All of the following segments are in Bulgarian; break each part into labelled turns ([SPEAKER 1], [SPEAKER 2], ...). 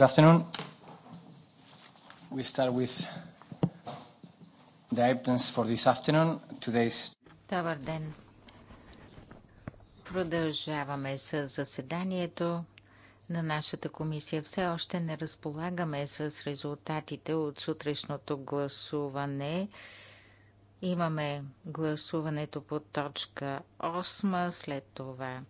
[SPEAKER 1] Good afternoon. We start with the items for this afternoon. Today's...
[SPEAKER 2] Добър ден. Продължаваме с заседанието на нашата комисия. Все още не разполагаме с резултатите от сутрешното гласуване. Имаме гласуването по точка 8. След това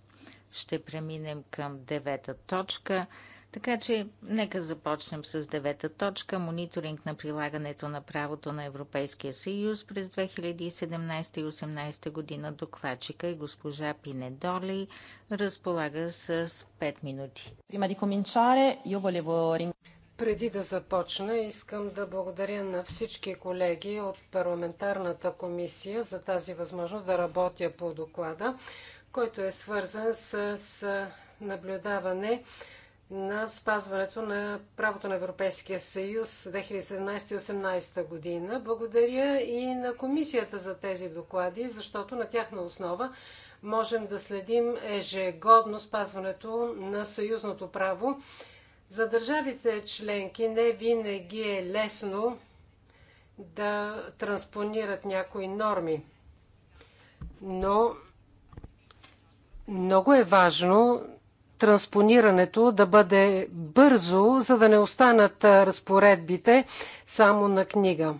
[SPEAKER 2] ще преминем към девета точка – така че нека започнем с девета точка – мониторинг на прилагането на правото на Европейския съюз през 2017 и 2018 година. Докладчика и е госпожа Пинедоли разполага с 5 минути. Преди да започна,
[SPEAKER 3] искам да благодаря на всички колеги от парламентарната комисия за тази възможност да работя по доклада, който е свързан с наблюдаване на спазването на правото на Европейския съюз 2017-2018 година. Благодаря и на комисията за тези доклади, защото на тяхна основа можем да следим ежегодно спазването на съюзното право. За държавите членки не винаги е лесно да транспонират някои норми. Но много е важно транспонирането да бъде бързо, за да не останат разпоредбите само на книга.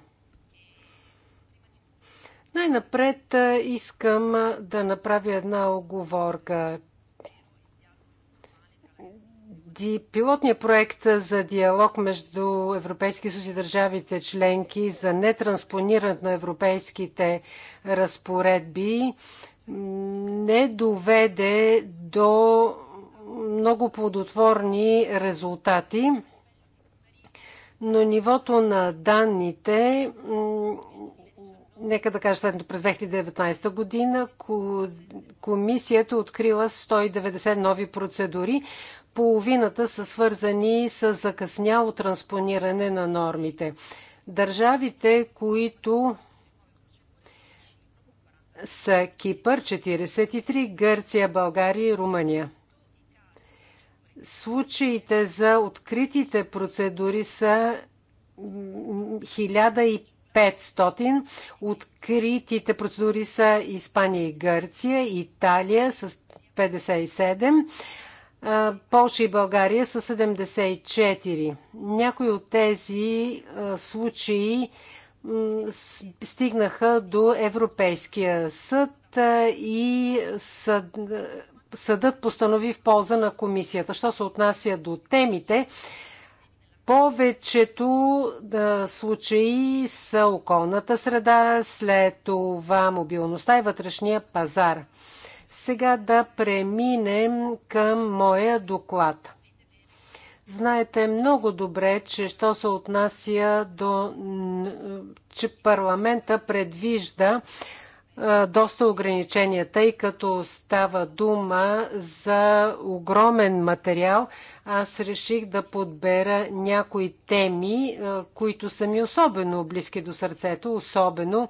[SPEAKER 3] Най-напред искам да направя една оговорка. Пилотният проект за диалог между Европейски съюз и държавите членки за нетранспонирането на европейските разпоредби не доведе до много плодотворни резултати, но нивото на данните, нека да кажа следното, през 2019 година комисията е открила 190 нови процедури, половината са свързани с закъсняло транспониране на нормите. Държавите, които са Кипър 43, Гърция, България и Румъния. Случаите за откритите процедури са 1500. Откритите процедури са Испания и Гърция, Италия с 57, Польша и България с 74. Някои от тези случаи стигнаха до Европейския съд и съд, съдът постанови в полза на комисията. Що се отнася до темите, повечето да, случаи са околната среда, след това мобилността и вътрешния пазар. Сега да преминем към моя доклад. Знаете много добре, че що се отнася до... че парламента предвижда доста ограничения, тъй като става дума за огромен материал. Аз реших да подбера някои теми, които са ми особено близки до сърцето, особено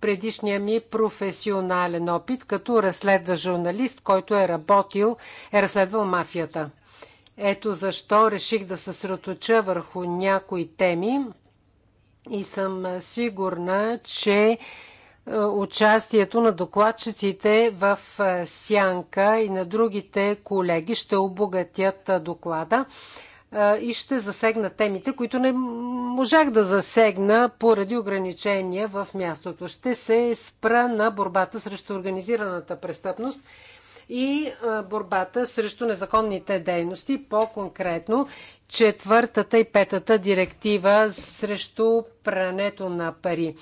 [SPEAKER 3] предишния ми професионален опит като разследва журналист, който е работил, е разследвал мафията. Ето защо реших да се сроточа върху някои теми и съм сигурна, че е, участието на докладчиците в е, Сянка и на другите колеги ще обогатят е, доклада и ще засегна темите, които не можах да засегна поради ограничения в мястото. Ще се спра на борбата срещу организираната престъпност и борбата срещу незаконните дейности, по-конкретно четвъртата и петата директива срещу прането на пари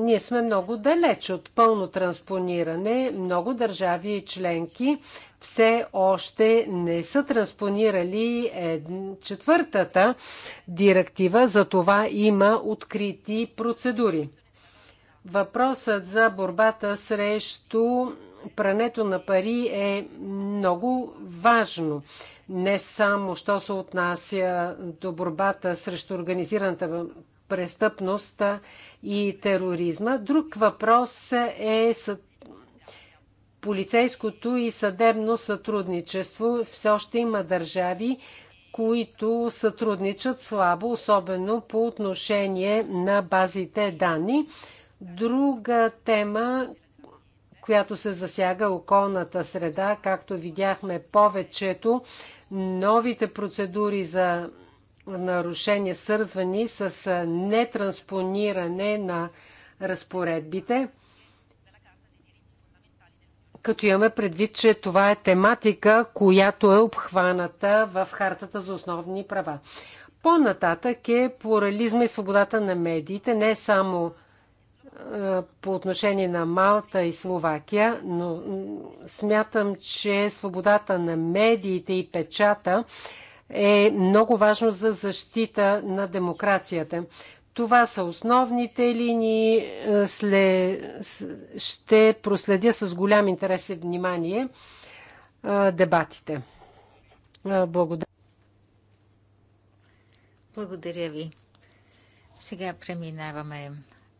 [SPEAKER 3] ние сме много далеч от пълно транспониране. Много държави и членки все още не са транспонирали четвъртата директива, за това има открити процедури. Въпросът за борбата срещу прането на пари е много важно. Не само, що се отнася до борбата срещу организираната престъпност и тероризма. Друг въпрос е полицейското и съдебно сътрудничество. Все още има държави, които сътрудничат слабо, особено по отношение на базите данни. Друга тема, която се засяга е околната среда, както видяхме повечето новите процедури за нарушения, свързвани с нетранспониране на разпоредбите, като имаме предвид, че това е тематика, която е обхваната в Хартата за основни права. По-нататък е плурализма и свободата на медиите, не само по отношение на Малта и Словакия, но смятам, че свободата на медиите и печата е много важно за защита на демокрацията. Това са основните линии. Е, ще проследя с голям интерес и внимание е, дебатите. Е, благодаря.
[SPEAKER 2] Благодаря ви. Сега преминаваме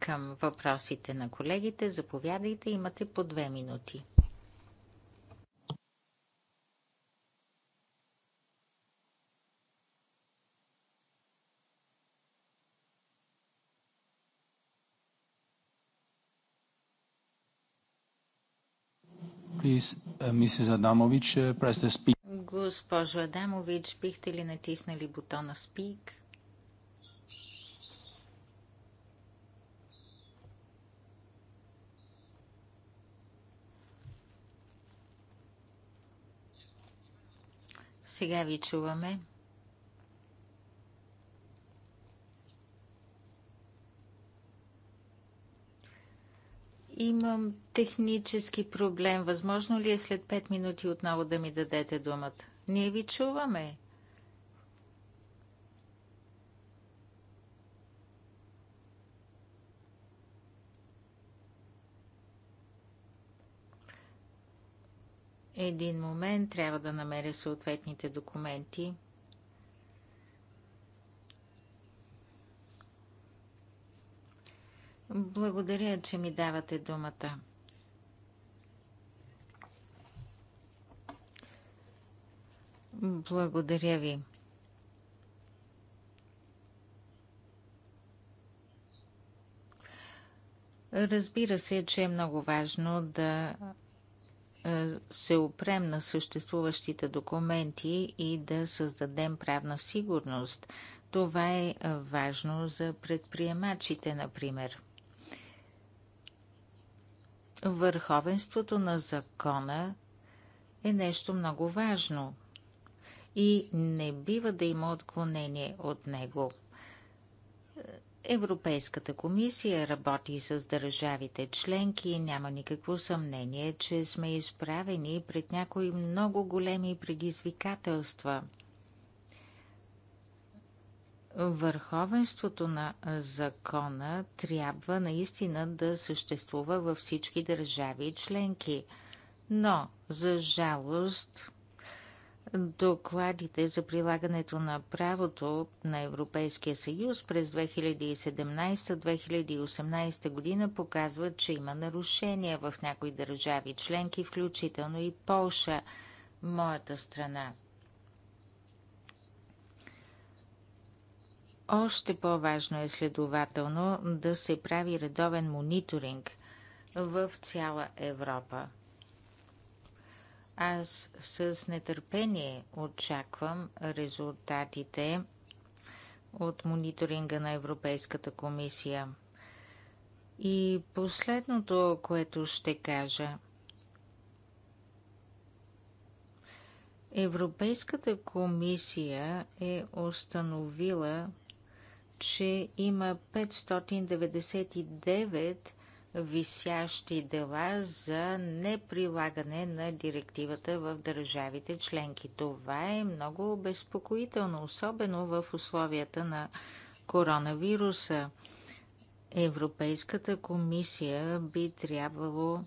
[SPEAKER 2] към въпросите на колегите. Заповядайте, имате по две минути.
[SPEAKER 1] please, press the speak.
[SPEAKER 2] Госпожо Адамович, бихте ли натиснали бутона Speak? Сега ви чуваме. Имам технически проблем. Възможно ли е след 5 минути отново да ми дадете думата? Ние ви чуваме. Един момент трябва да намеря съответните документи. Благодаря, че ми давате думата. Благодаря ви. Разбира се, че е много важно да е, се опрем на съществуващите документи и да създадем правна сигурност. Това е важно за предприемачите, например. Върховенството на закона е нещо много важно и не бива да има отклонение от него. Европейската комисия работи с държавите членки и няма никакво съмнение, че сме изправени пред някои много големи предизвикателства – Върховенството на закона трябва наистина да съществува във всички държави и членки. Но, за жалост, докладите за прилагането на правото на Европейския съюз през 2017-2018 година показват, че има нарушения в някои държави членки, включително и Полша, моята страна. Още по-важно е следователно да се прави редовен мониторинг в цяла Европа. Аз с нетърпение очаквам резултатите от мониторинга на Европейската комисия. И последното, което ще кажа. Европейската комисия е установила че има 599 висящи дела за неприлагане на директивата в държавите членки. Това е много обезпокоително, особено в условията на коронавируса. Европейската комисия би трябвало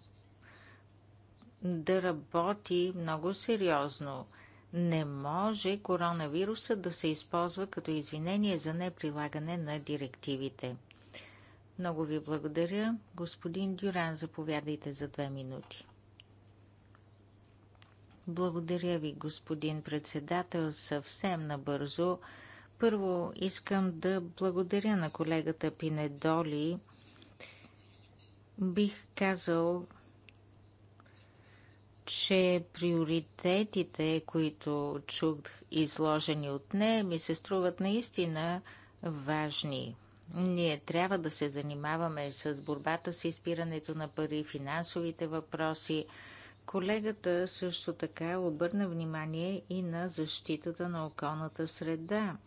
[SPEAKER 2] да работи много сериозно не може коронавируса да се използва като извинение за неприлагане на директивите. Много ви благодаря. Господин Дюран, заповядайте за две минути. Благодаря ви, господин председател. Съвсем набързо. Първо искам да благодаря на колегата Пинедоли. Бих казал, че приоритетите, които чух изложени от нея, ми се струват наистина важни. Ние трябва да се занимаваме с борбата с изпирането на пари, финансовите въпроси. Колегата също така обърна внимание и на защитата на околната среда.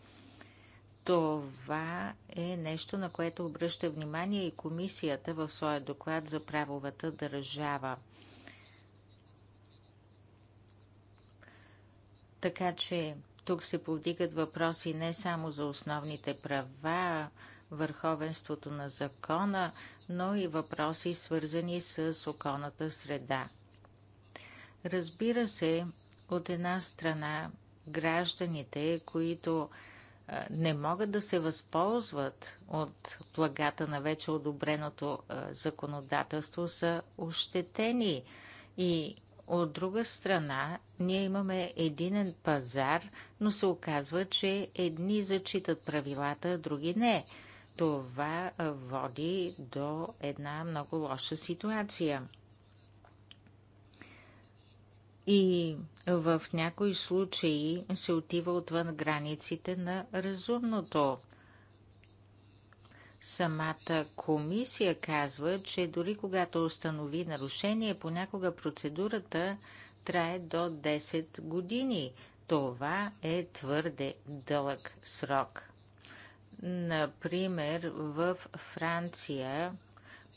[SPEAKER 2] Това е нещо, на което обръща внимание и комисията в своя доклад за правовата държава. Така че тук се повдигат въпроси не само за основните права, върховенството на закона, но и въпроси свързани с околната среда. Разбира се, от една страна гражданите, които не могат да се възползват от плагата на вече одобреното законодателство, са ощетени. И от друга страна ние имаме единен пазар, но се оказва, че едни зачитат правилата, други не. Това води до една много лоша ситуация. И в някои случаи се отива отвън границите на разумното. Самата комисия казва, че дори когато установи нарушение, понякога процедурата трае до 10 години. Това е твърде дълъг срок. Например, в Франция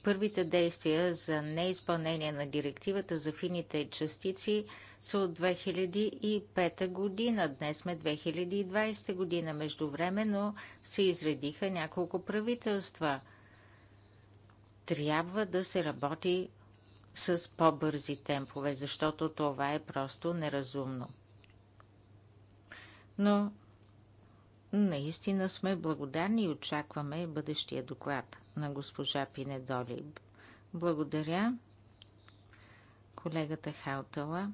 [SPEAKER 2] първите действия за неизпълнение на директивата за фините частици са от 2005 година. Днес сме 2020 година. Междувременно се изредиха няколко правителства. Трябва да се работи с по-бързи темпове, защото това е просто неразумно. Но наистина сме благодарни и очакваме бъдещия доклад на госпожа Пинедоли. Благодаря колегата Хаутала.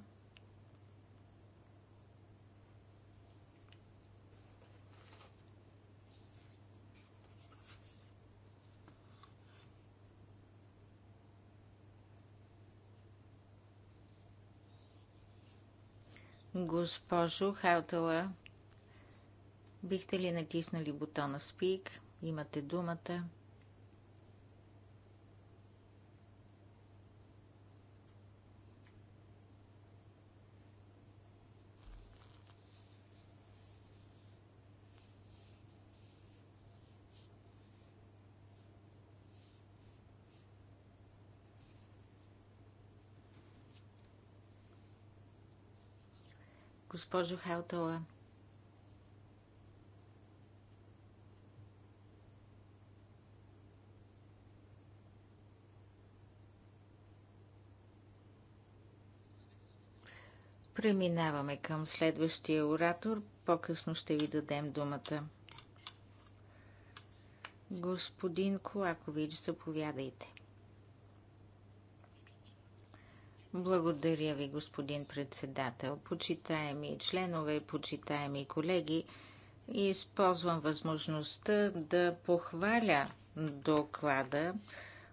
[SPEAKER 2] Госпожо Халтала, бихте ли натиснали бутона Speak? Имате думата. госпожо Халтала. Преминаваме към следващия оратор. По-късно ще ви дадем думата. Господин Колакович, заповядайте. Благодаря ви, господин председател. Почитаеми членове, почитаеми колеги, използвам възможността да похваля доклада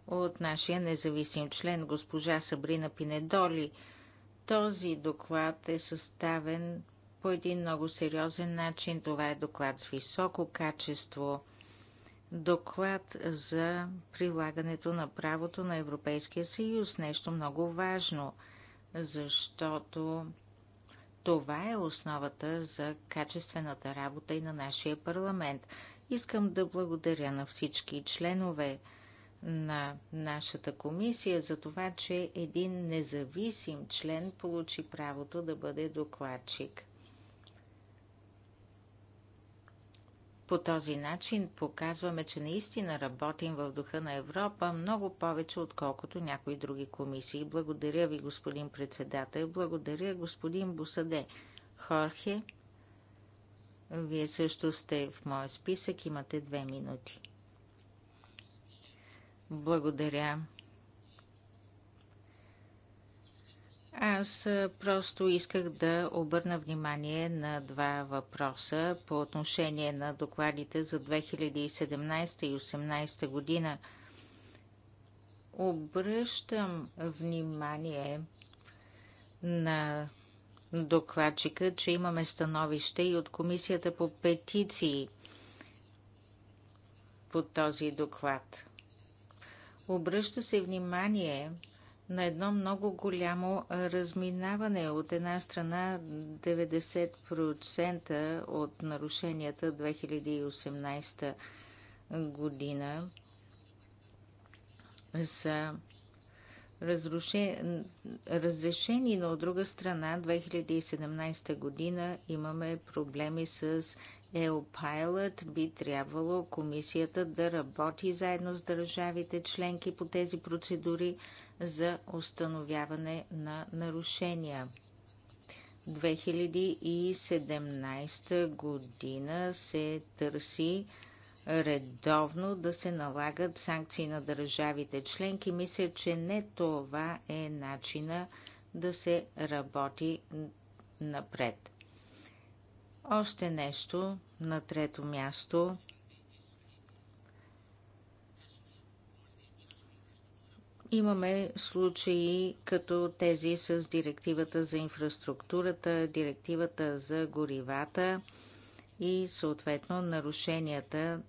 [SPEAKER 2] от нашия независим член госпожа Сабрина Пинедоли. Този доклад е съставен по един много сериозен начин. Това е доклад с високо качество доклад за прилагането на правото на Европейския съюз. Нещо много важно, защото това е основата за качествената работа и на нашия парламент. Искам да благодаря на всички членове на нашата комисия за това, че един независим член получи правото да бъде докладчик. По този начин показваме, че наистина работим в духа на Европа много повече, отколкото някои други комисии. Благодаря ви, господин председател. Благодаря, господин Босаде. Хорхе, вие също сте в моя списък. Имате две минути. Благодаря. Аз просто исках да обърна внимание на два въпроса по отношение на докладите за 2017 и 2018 година. Обръщам внимание на докладчика, че имаме становище и от Комисията по петиции по този доклад. Обръща се внимание на едно много голямо разминаване. От една страна 90% от нарушенията 2018 година са разрешени, но от друга страна 2017 година имаме проблеми с Елпайлът би трябвало комисията да работи заедно с държавите членки по тези процедури за установяване на нарушения. 2017 година се търси редовно да се налагат санкции на държавите членки. Мисля, че не това е начина да се работи напред. Още нещо на трето място. Имаме случаи като тези с директивата за инфраструктурата, директивата за горивата и съответно нарушенията,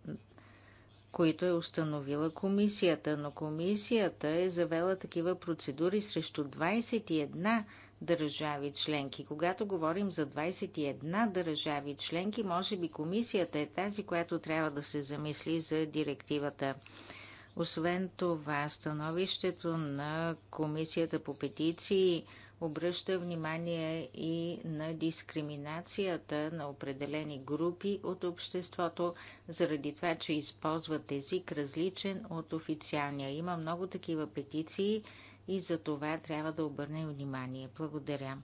[SPEAKER 2] които е установила комисията. Но комисията е завела такива процедури срещу 21 държави членки. Когато говорим за 21 държави членки, може би комисията е тази, която трябва да се замисли за директивата. Освен това, становището на комисията по петиции обръща внимание и на дискриминацията на определени групи от обществото, заради това, че използват език различен от официалния. Има много такива петиции и за това трябва да обърнем внимание. Благодаря.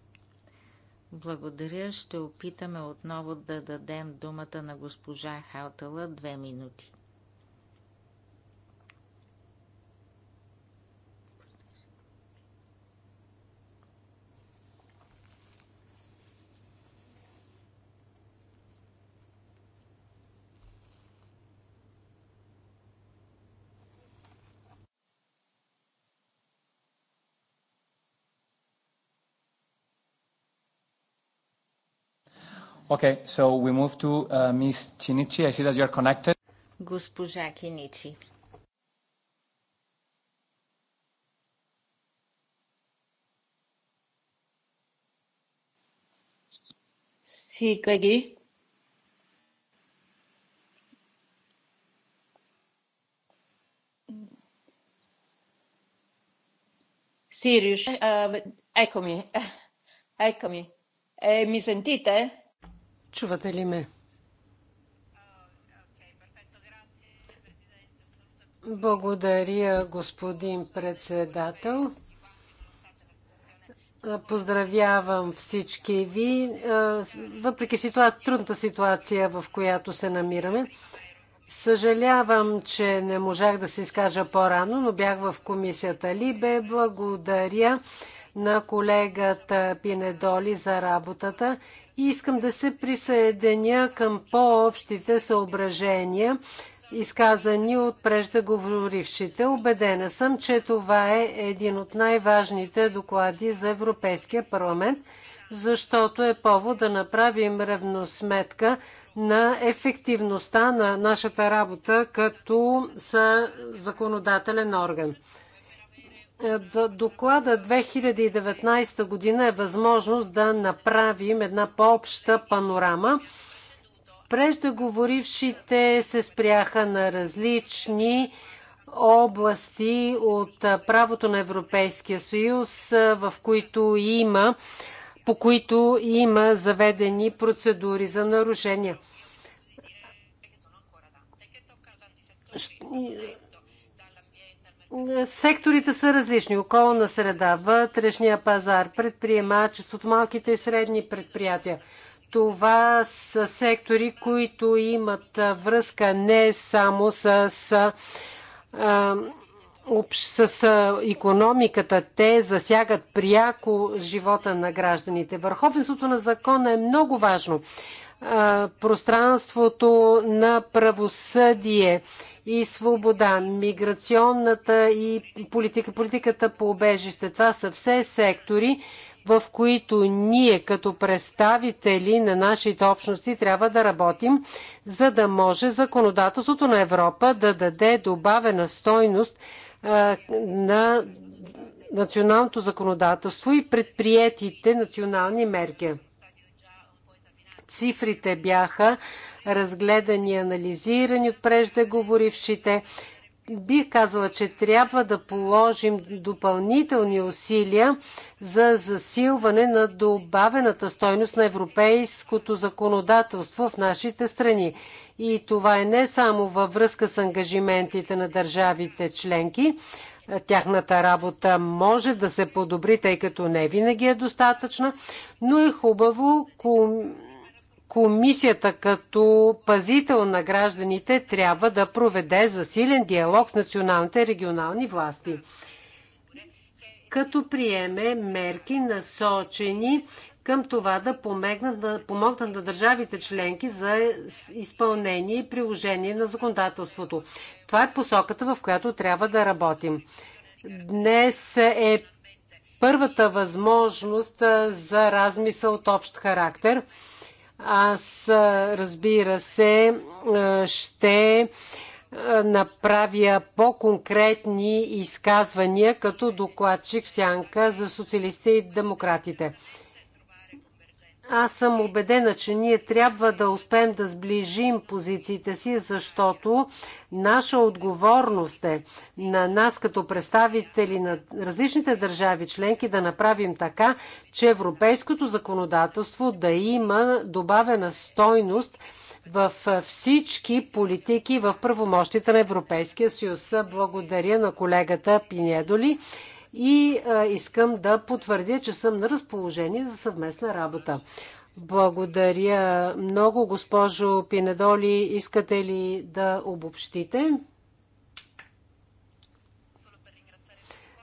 [SPEAKER 2] Благодаря. Ще опитаме отново да дадем думата на госпожа Хаутала две минути.
[SPEAKER 1] Okay, so we move to Ms. Chinichi. I see that you're connected.
[SPEAKER 2] Госпожа Киничи. Си, колеги.
[SPEAKER 4] Sirius, uh, eccomi, eccomi. Eh, mi
[SPEAKER 3] sentite? Чувате ли ме? Благодаря, господин председател. Поздравявам всички ви, въпреки ситуация, трудната ситуация, в която се намираме. Съжалявам, че не можах да се изкажа по-рано, но бях в комисията Либе. Благодаря на колегата Пинедоли за работата и искам да се присъединя към по-общите съображения, изказани от преждеговорившите. Обедена съм, че това е един от най-важните доклади за Европейския парламент, защото е повод да направим ревносметка на ефективността на нашата работа като законодателен орган. Е, доклада 2019 година е възможност да направим една по-обща панорама. Преждеговорившите се спряха на различни области от правото на Европейския съюз, в които има, по които има заведени процедури за нарушения Секторите са различни. Околна среда, вътрешния пазар, предприемачеството, малките и средни предприятия. Това са сектори, които имат връзка не само с, с, с, с економиката, те засягат пряко живота на гражданите. Върховенството на закона е много важно пространството на правосъдие и свобода, миграционната и политика, политиката по убежище. Това са все сектори, в които ние като представители на нашите общности трябва да работим, за да може законодателството на Европа да даде добавена стойност а, на националното законодателство и предприетите национални мерки. Цифрите бяха разгледани и анализирани от преждеговорившите. Бих казала, че трябва да положим допълнителни усилия за засилване на добавената стойност на европейското законодателство в нашите страни. И това е не само във връзка с ангажиментите на държавите членки, тяхната работа може да се подобри, тъй като не винаги е достатъчна, но е хубаво Комисията като пазител на гражданите трябва да проведе засилен диалог с националните и регионални власти, като приеме мерки насочени към това да помогнат, да помогнат на държавите членки за изпълнение и приложение на законодателството. Това е посоката, в която трябва да работим. Днес е първата възможност за размисъл от общ характер – аз, разбира се, ще направя по-конкретни изказвания като докладчик в сянка за социалистите и демократите. Аз съм убедена, че ние трябва да успеем да сближим позициите си, защото наша отговорност е на нас като представители на различните държави членки да направим така, че европейското законодателство да има добавена стойност в всички политики в правомощите на Европейския съюз. Благодаря на колегата Пинедоли и искам да потвърдя, че съм на разположение за съвместна работа. Благодаря много, госпожо Пинедоли. Искате ли да обобщите?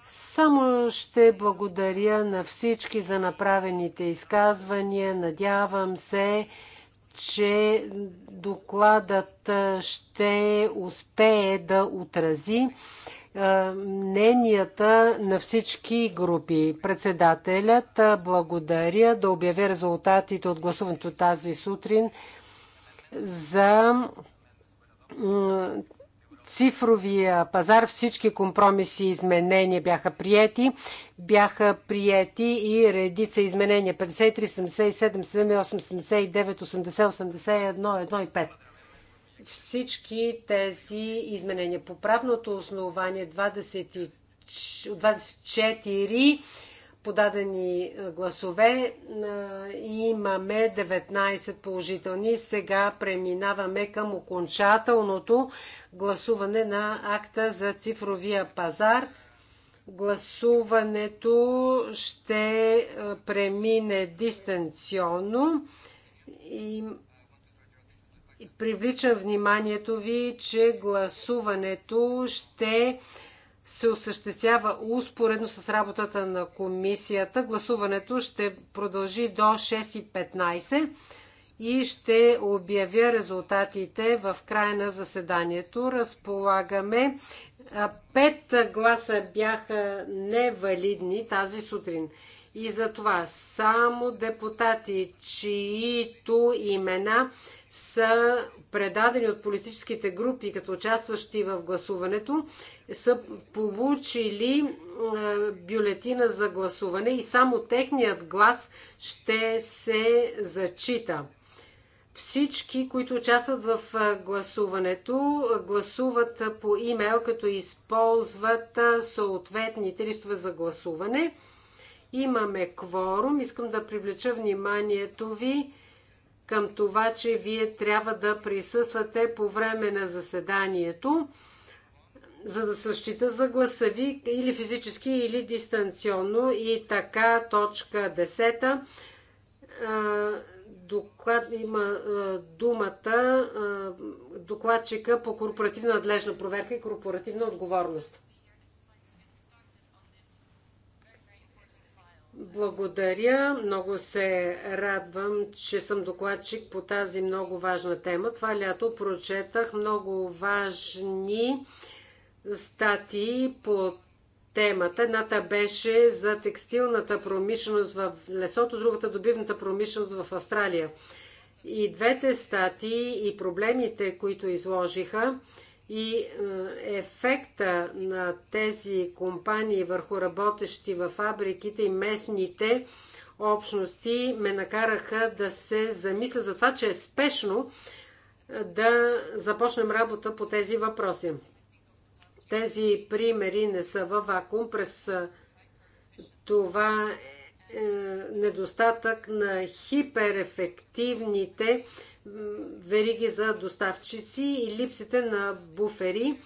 [SPEAKER 3] Само ще благодаря на всички за направените изказвания. Надявам се, че докладът ще успее да отрази е, мненията на всички групи. Председателят е, благодаря да обявя резултатите от гласуването тази сутрин за цифровия пазар. Всички компромиси и изменения бяха приети, Бяха приети и редица изменения 53, 77, 78, 79, 80, 81, 1 и 5 всички тези изменения. По правното основание 24 подадени гласове имаме 19 положителни. Сега преминаваме към окончателното гласуване на акта за цифровия пазар. Гласуването ще премине дистанционно. И привличам вниманието ви, че гласуването ще се осъществява успоредно с работата на комисията. Гласуването ще продължи до 6.15 и ще обявя резултатите в края на заседанието. Разполагаме. Пет гласа бяха невалидни тази сутрин. И затова само депутати, чието имена са предадени от политическите групи като участващи в гласуването, са получили е, бюлетина за гласуване и само техният глас ще се зачита. Всички, които участват в е, гласуването, гласуват по имейл, като използват е, съответните листове за гласуване. Имаме кворум. Искам да привлеча вниманието ви към това, че вие трябва да присъствате по време на заседанието, за да същита за гласа ви или физически, или дистанционно. И така, точка 10. Доклад, има думата докладчика по корпоративна надлежна проверка и корпоративна отговорност. Благодаря. Много се радвам, че съм докладчик по тази много важна тема. Това лято прочетах много важни статии по темата. Едната беше за текстилната промишленост в лесото, другата добивната промишленост в Австралия. И двете статии и проблемите, които изложиха, и е, ефекта на тези компании върху работещи във фабриките и местните общности ме накараха да се замисля за това, че е спешно е, да започнем работа по тези въпроси. Тези примери не са във вакуум. През е, това недостатък на хиперефективните вериги за доставчици и липсите на буфери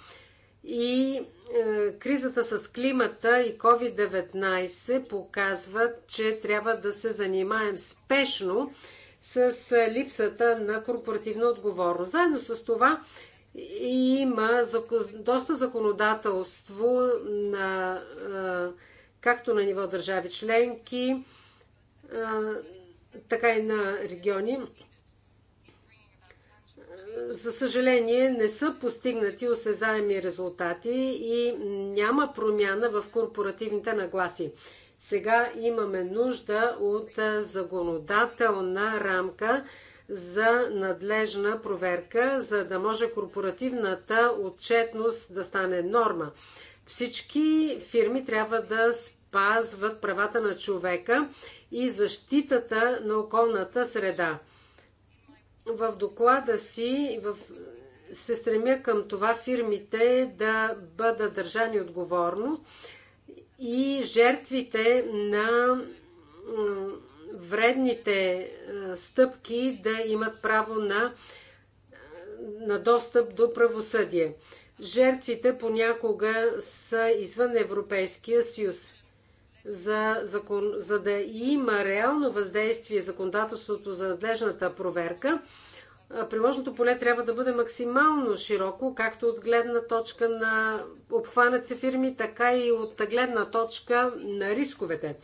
[SPEAKER 3] и е, кризата с климата и COVID-19 показват, че трябва да се занимаем спешно с е, липсата на корпоративна отговорност. Заедно с това има доста законодателство на, е, както на ниво държави членки, е, така и на региони за съжаление, не са постигнати осезаеми резултати и няма промяна в корпоративните нагласи. Сега имаме нужда от законодателна рамка за надлежна проверка, за да може корпоративната отчетност да стане норма. Всички фирми трябва да спазват правата на човека и защитата на околната среда. В доклада си в... се стремя към това фирмите да бъдат държани отговорност и жертвите на вредните стъпки да имат право на, на достъп до правосъдие. Жертвите понякога са извън Европейския съюз за, за, за да има реално въздействие законодателството за надлежната проверка, приложното поле трябва да бъде максимално широко, както от гледна точка на обхванати фирми, така и от гледна точка на рисковете.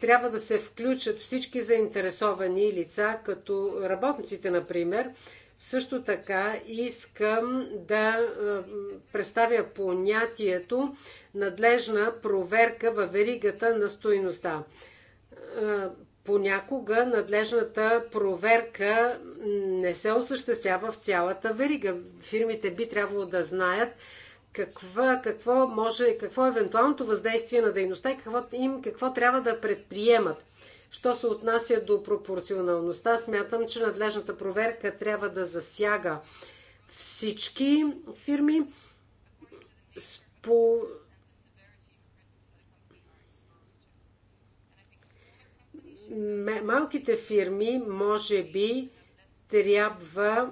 [SPEAKER 3] Трябва да се включат всички заинтересовани лица, като работниците, например, също така искам да е, представя понятието надлежна проверка във веригата на стоеността. Е, понякога надлежната проверка не се осъществява в цялата верига. Фирмите би трябвало да знаят каква, какво, може, какво е евентуалното въздействие на дейността и какво, им, какво трябва да предприемат. Що се отнася до пропорционалността, смятам, че надлежната проверка трябва да засяга всички фирми. Спо... Малките фирми, може би, трябва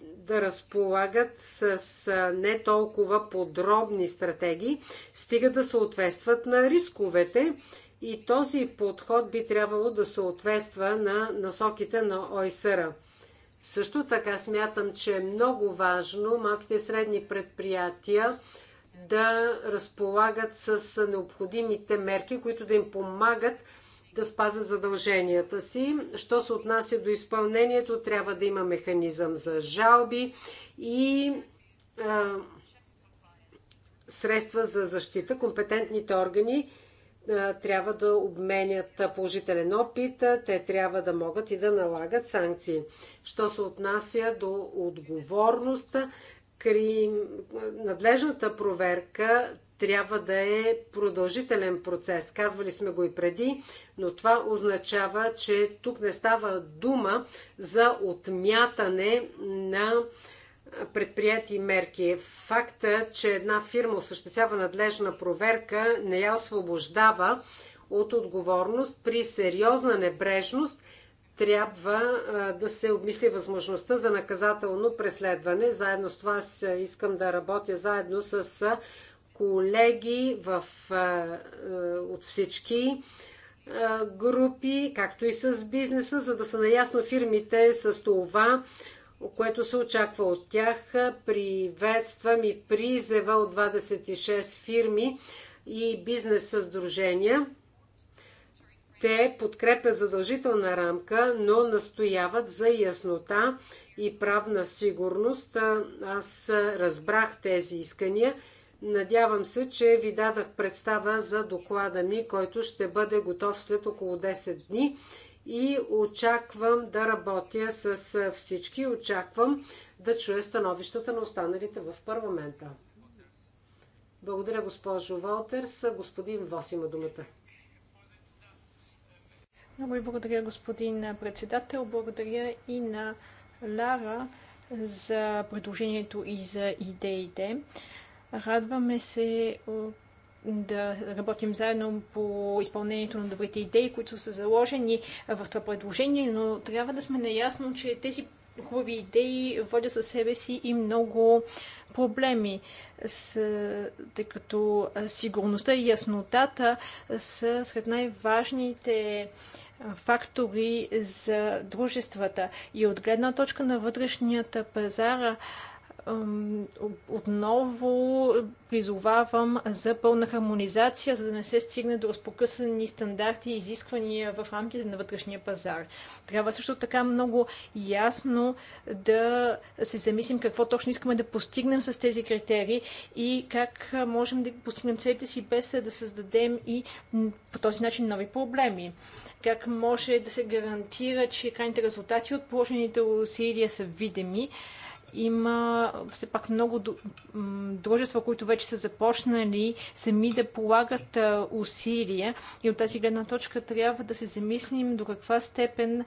[SPEAKER 3] да разполагат с не толкова подробни стратегии, стига да съответстват на рисковете и този подход би трябвало да съответства на насоките на ОСР. Също така смятам, че е много важно малките и средни предприятия да разполагат с необходимите мерки, които да им помагат да спазят задълженията си. Що се отнася до изпълнението, трябва да има механизъм за жалби и а, средства за защита. Компетентните органи трябва да обменят положителен опит, те трябва да могат и да налагат санкции. Що се отнася до отговорността, крим, надлежната проверка трябва да е продължителен процес. Казвали сме го и преди, но това означава, че тук не става дума за отмятане на предприяти мерки. Факта, че една фирма осъществява надлежна проверка, не я освобождава от отговорност. При сериозна небрежност трябва да се обмисли възможността за наказателно преследване. Заедно с това искам да работя заедно с колеги в, от всички групи, както и с бизнеса, за да са наясно фирмите с това, което се очаква от тях. Приветствам и призева от 26 фирми и бизнес съдружения. Те подкрепят задължителна рамка, но настояват за яснота и правна сигурност. Аз разбрах тези искания. Надявам се, че ви дадах представа за доклада ми, който ще бъде готов след около 10 дни и очаквам да работя с всички. Очаквам да чуя становищата на останалите в парламента. Благодаря, госпожо Волтерс. Господин Вос има думата.
[SPEAKER 4] Много и благодаря, господин председател. Благодаря и на Лара за предложението и за идеите. Радваме се от да работим заедно по изпълнението на добрите идеи, които са заложени в това предложение, но трябва да сме наясно, че тези хубави идеи водят със себе си и много проблеми, с, тъй като сигурността и яснотата са сред най-важните фактори за дружествата. И от гледна точка на вътрешнията пазара, отново призовавам за пълна хармонизация, за да не се стигне до разпокъсани стандарти и изисквания в рамките на вътрешния пазар. Трябва също така много ясно да се замислим какво точно искаме да постигнем с тези критерии и как можем да постигнем целите си без да създадем и по този начин нови проблеми как може да се гарантира, че крайните резултати от положените усилия са видими, има все пак много дружества, които вече са започнали сами да полагат усилия и от тази гледна точка трябва да се замислим до каква степен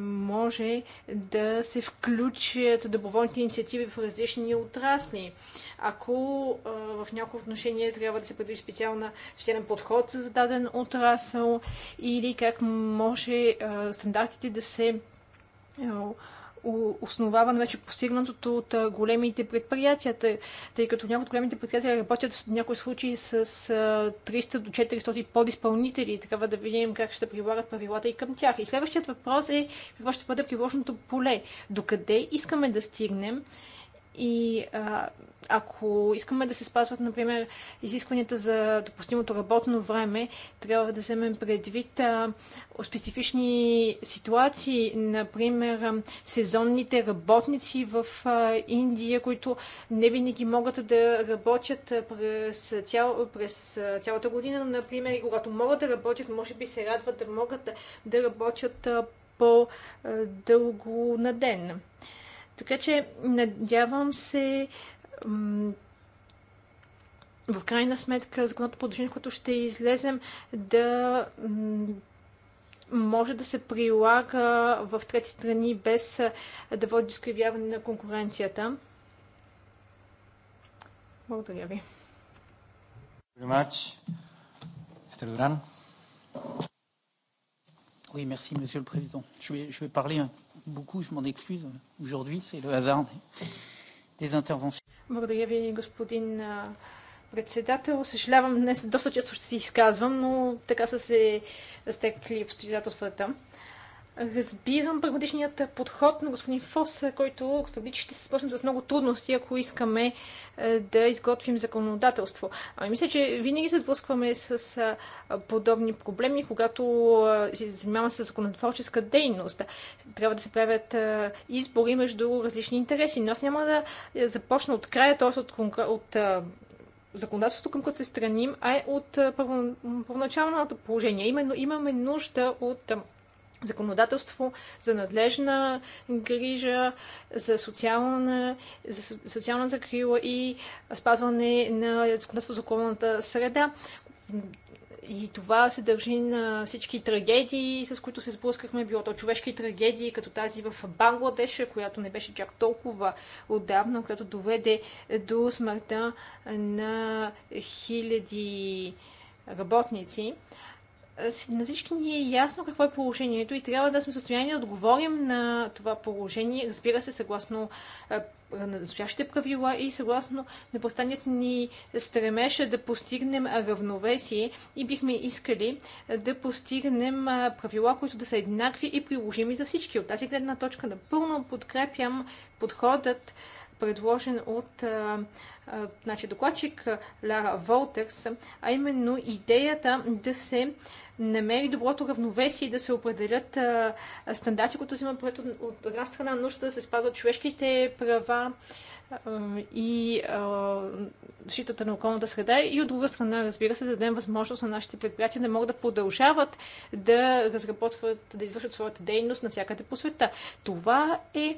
[SPEAKER 4] може да се включат доброволните инициативи в различни отрасли. Ако а, в някои отношение трябва да се предвиди специален подход за даден отрасъл или как може а, стандартите да се а, основава на вече постигнатото от големите предприятията, тъй като някои от големите предприятия работят в някои случаи с 300 до 400 подизпълнители. Трябва да видим как ще прилагат правилата и към тях. И следващият въпрос е какво ще бъде приложното поле, докъде искаме да стигнем и а, ако искаме да се спазват, например, изискванията за допустимото работно време, трябва да вземем предвид а, специфични ситуации, например, а, сезонните работници в а, Индия, които не винаги могат да работят през, цял, през цялата година, например, и когато могат да работят, може би се радват да могат да, да работят по-дълго на ден. Така че надявам се в крайна сметка законното подължение, което ще излезем, да може да се прилага в трети страни без да води до изкривяване на конкуренцията. Благодаря ви.
[SPEAKER 1] Oui, merci, Monsieur le Président. Je vais,
[SPEAKER 3] je vais parler beaucoup, je m'en excuse. Aujourd'hui, c'est le hasard des, des interventions.
[SPEAKER 4] Благодаря ви, господин председател. Съжалявам, днес доста често ще се изказвам, но така са се стекли обстоятелствата разбирам прагматичният подход на господин Фос, който твърди, че ще се спочнем с много трудности, ако искаме е, да изготвим законодателство. Ами мисля, че винаги се сблъскваме с подобни проблеми, когато се занимаваме с законотворческа дейност. Трябва да се правят избори между различни интереси. Но аз няма да започна от края, т.е. от, от законодателството, към което се страним, а е от първоначалното положение. Именно имаме нужда от законодателство за надлежна грижа, за социална, за социална закрила и спазване на законодателство за околната среда. И това се дължи на всички трагедии, с които се сблъскахме, било то човешки трагедии, като тази в Бангладеш, която не беше чак толкова отдавна, която доведе до смъртта на хиляди работници на всички ни е ясно какво е положението и трябва да сме в състояние да отговорим на това положение, разбира се, съгласно на настоящите правила и съгласно непрестанният ни стремеше да постигнем равновесие и бихме искали да постигнем правила, които да са еднакви и приложими за всички. От тази гледна точка напълно подкрепям подходът, предложен от значи, докладчик Лара Волтерс, а именно идеята да се намери доброто равновесие и да се определят стандарти, които взимат пред от една страна нужда да се спазват човешките права и защитата на околната среда и от друга страна, разбира се, да дадем възможност на нашите предприятия да могат да продължават да разработват, да извършат своята дейност навсякъде по света. Това е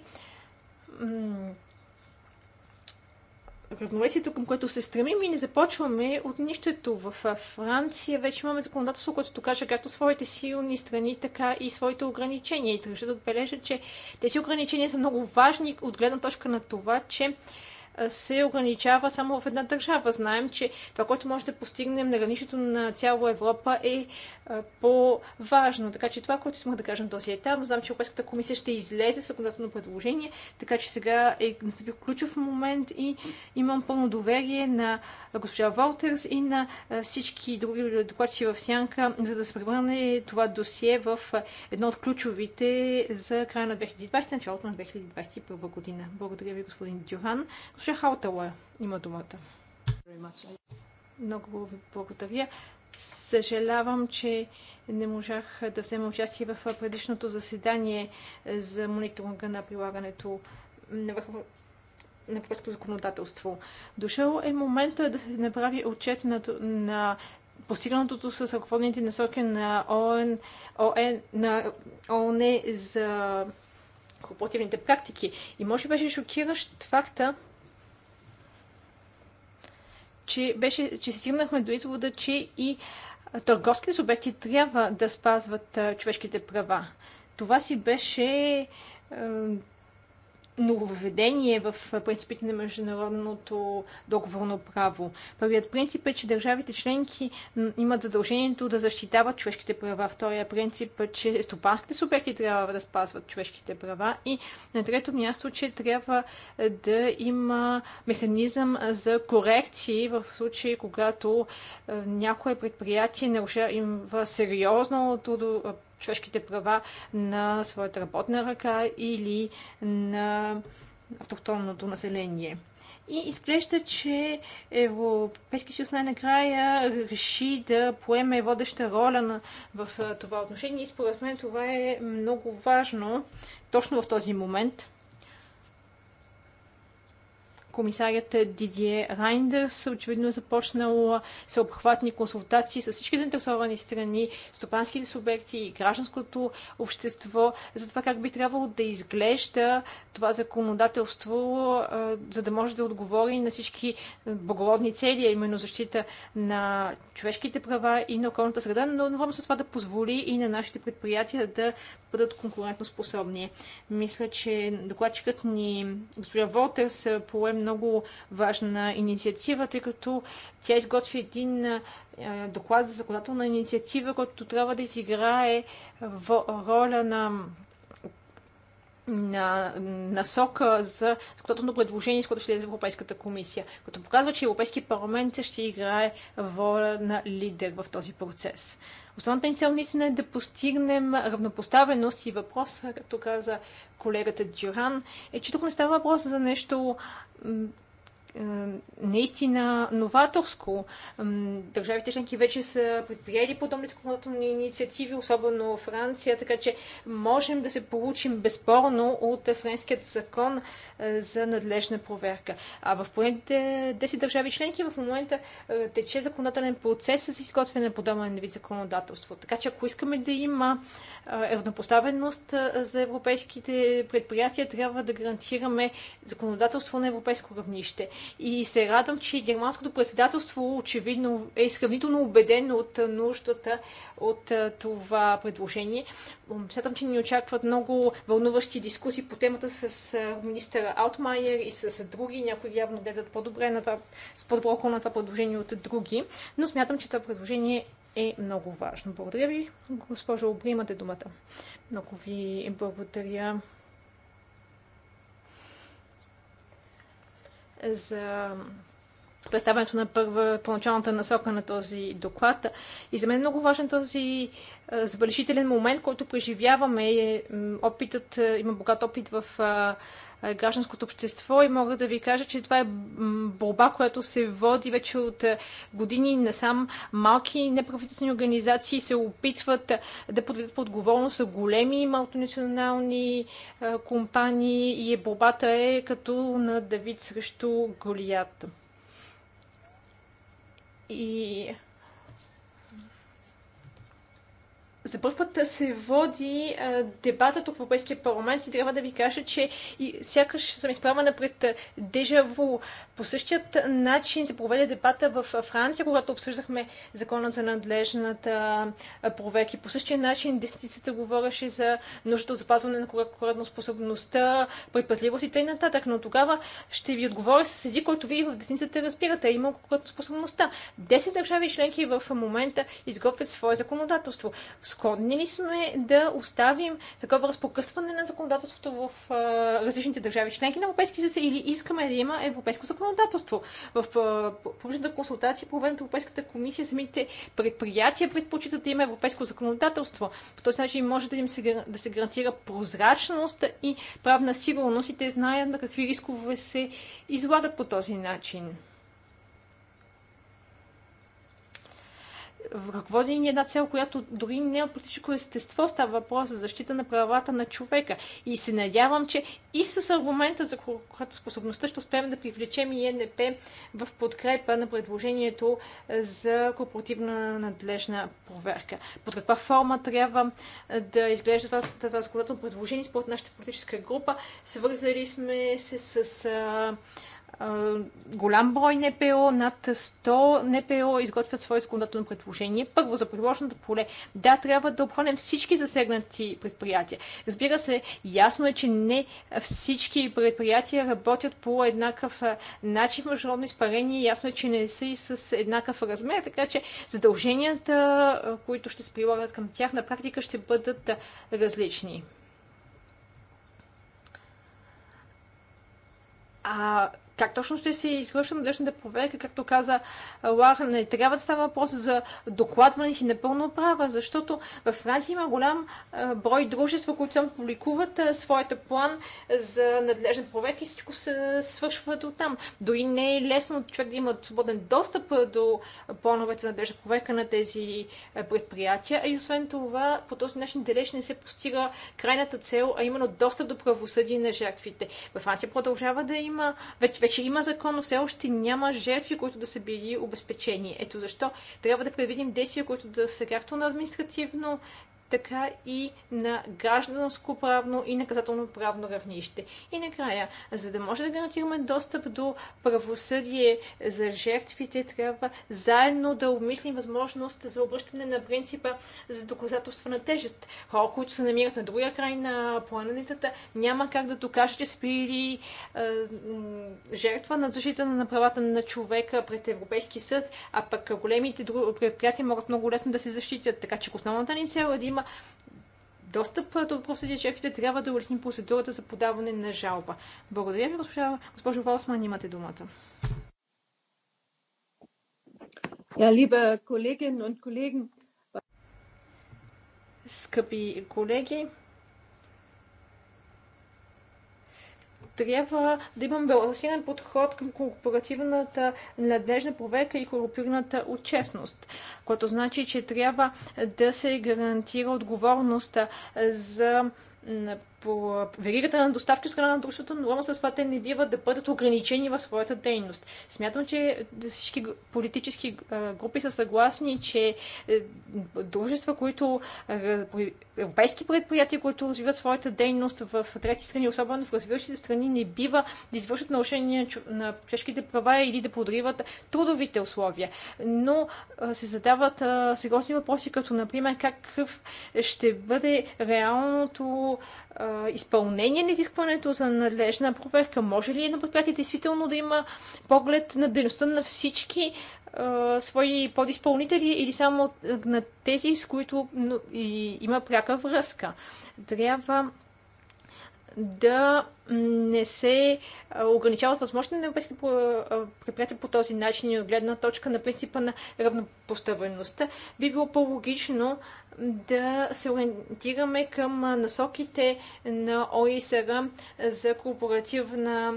[SPEAKER 4] равновесието, към което се стремим и не започваме от нищото. В Франция вече имаме законодателство, което докаже както своите силни страни, така и своите ограничения. И държа да отбележа, че тези ограничения са много важни от гледна точка на това, че се ограничават само в една държава. Знаем, че това, което може да постигнем на гранището на цяла Европа е, е по-важно. Така че това, което искам да кажа на този етап, знам, че Европейската комисия ще излезе с законодателно предложение, така че сега е настъпил ключов момент и имам пълно доверие на госпожа Волтерс и на е, всички други докладчици в Сянка, за да се превърне това досие в е, едно от ключовите за края на 2020, началото на 2021 година. Благодаря ви, господин Дюран. Госпожа Халтала има думата. Много ви благодаря. Съжалявам, че не можах да взема участие в предишното заседание за мониторинга на прилагането на върху на законодателство. Дошъл е момента да се направи отчет на, на постигнатото с ръководните насоки на ООН, ООН, на ООН за корпоративните практики. И може беше шокиращ факта, че, беше, че се стигнахме до извода, че и търговските субекти трябва да спазват човешките права. Това си беше нововведение в принципите на международното договорно право. Първият принцип е, че държавите членки имат задължението да защитават човешките права. Втория принцип е, че стопанските субекти трябва да спазват човешките права. И на трето място, че трябва е, да има механизъм за корекции в случай, когато е, някое предприятие нарушава сериозно човешките права на своята работна ръка или на автохтонното население. И изглежда, че Европейски съюз най-накрая реши да поеме водеща роля на, в това отношение. И според мен това е много важно точно в този момент – комисарят Дидие Райндърс очевидно е започнал съобхватни консултации с всички заинтересовани страни, стопанските субекти и гражданското общество за това как би трябвало да изглежда това законодателство, за да може да отговори на всички благородни цели, а именно защита на човешките права и на околната среда, но едновременно с това да позволи и на нашите предприятия да бъдат конкурентно способни. Мисля, че докладчикът ни, госпожа Волтерс, поем много важна инициатива, тъй като тя изготви един доклад за законодателна инициатива, който трябва да изиграе роля на на насока за законодателно предложение, с което ще излезе Европейската комисия, като показва, че Европейския парламент ще играе воля на лидер в този процес. Основната ни цел наистина е да постигнем равнопоставеност и въпрос, като каза колегата Дюран, е, че тук не става въпрос за нещо е, наистина новаторско. Държавите членки вече са предприели подобни законодателни инициативи, особено Франция, така че можем да се получим безспорно от френският закон за надлежна проверка. А в поредните 10 държави членки в момента е, тече законодателен процес с изготвяне на подобен вид законодателство. Така че ако искаме да има е, равнопоставеност е, за европейските предприятия, трябва да гарантираме законодателство на европейско равнище. И се радвам, че германското председателство очевидно е сравнително убедено от нуждата от това предложение. Смятам, че ни очакват много вълнуващи дискусии по темата с министъра Алтмайер и с други. Някои явно гледат по-добре на това, с по-добро на това предложение от други. Но смятам, че това предложение е много важно. Благодаря ви, госпожо Обри, имате думата. Много ви благодаря за представянето на първа, поначалната насока на този доклад. И за мен е много важен този завършителен момент, който преживяваме. Е, опитът, има богат опит в гражданското общество и мога да ви кажа, че това е борба, която се води вече от години насам. Малки неправителствени организации се опитват да подведат по отговорност големи малтонационални компании и е, борбата е като на Давид срещу Голият и за първ път се води дебата тук в Европейския парламент и трябва да ви кажа, че и сякаш съм изправена пред дежаву. По същият начин се проведе дебата в Франция, когато обсъждахме закона за надлежната проверка. По същия начин десницата говореше за нуждата за запазване на коректно способността, предпазливост и т.н. Но тогава ще ви отговоря с език, който вие в десницата разбирате. Има коректно способността. Десет държави членки в момента изготвят свое законодателство. С Склонни ли сме да оставим такова разпокъсване на законодателството в различните държави членки на Европейския съюз или искаме да има европейско законодателство? В публичната консултация, проведена от Европейската комисия, самите предприятия предпочитат да има европейско законодателство. По този начин може да им се, да се гарантира прозрачност и правна сигурност и те знаят на какви рискове се излагат по този начин. ръководи ни една цел, която дори не е от политическо естество, става въпрос за защита на правата на човека. И се надявам, че и с аргумента за която способността ще успеем да привлечем и ЕНП в подкрепа на предложението за корпоративна надлежна проверка. Под каква форма трябва да изглежда това, това предложение според нашата политическа група? Свързали сме се с, с голям брой НПО, над 100 НПО изготвят свое законодателно предложение. Първо, за приложното поле. Да, трябва да обхванем всички засегнати предприятия. Разбира се, ясно е, че не всички предприятия работят по еднакъв начин в международно изпарение. Ясно е, че не са и с еднакъв размер, така че задълженията, които ще се прилагат към тях, на практика ще бъдат различни. А как точно ще се извършва надлежната проверка, както каза Лар, не трябва да става въпрос за докладване си напълно права, защото в Франция има голям брой дружества, които само публикуват своята план за надлежна проверка и всичко се свършва до там. Дори не е лесно човек да има свободен достъп до плановете за надлежна проверка на тези предприятия. И освен това, по този начин далеч не се постига крайната цел, а именно достъп до правосъдие на жертвите. Във Франция продължава да има вече вече има закон, но все още няма жертви, които да са били обезпечени. Ето защо трябва да предвидим действия, които да са както на административно така и на гражданско правно и наказателно правно равнище. И накрая, за да може да гарантираме достъп до правосъдие за жертвите, трябва заедно да обмислим възможност за обръщане на принципа за доказателство на тежест. Хора, които се намират на другия край на планетата, няма как да докажат, че са били е, жертва на защита на правата на човека пред Европейски съд, а пък големите предприятия могат много лесно да се защитят. Така че основната ни цел е да има има достъп до правосъдие, шефите трябва да улесним процедурата за подаване на жалба. Благодаря ви, госпожа, госпожо Волсман, имате думата. Скъпи колеги, трябва да имам балансиран подход към корпоративната надежна проверка и корупираната отчестност, което значи, че трябва да се гарантира отговорността за по веригата на доставки от страна на дружествата, но равно с това те не бива да бъдат ограничени в своята дейност. Смятам, че всички политически групи са съгласни, че е, дружества, които европейски предприятия, които развиват своята дейност в трети страни, особено в развиващите страни, не бива да извършат нарушения на човешките права или да подриват трудовите условия. Но се задават сериозни въпроси, като например какъв ще бъде реалното а, изпълнение на изискването за надлежна проверка? Може ли на предприятие действително да има поглед на дейността на всички а, свои подизпълнители или само на тези, с които и, има пряка връзка? Трябва да не се ограничават възможности на европейските предприятия по този начин и от гледна точка на принципа на равнопоставеността, би било по-логично да се ориентираме към насоките на ОИСР за корпоративна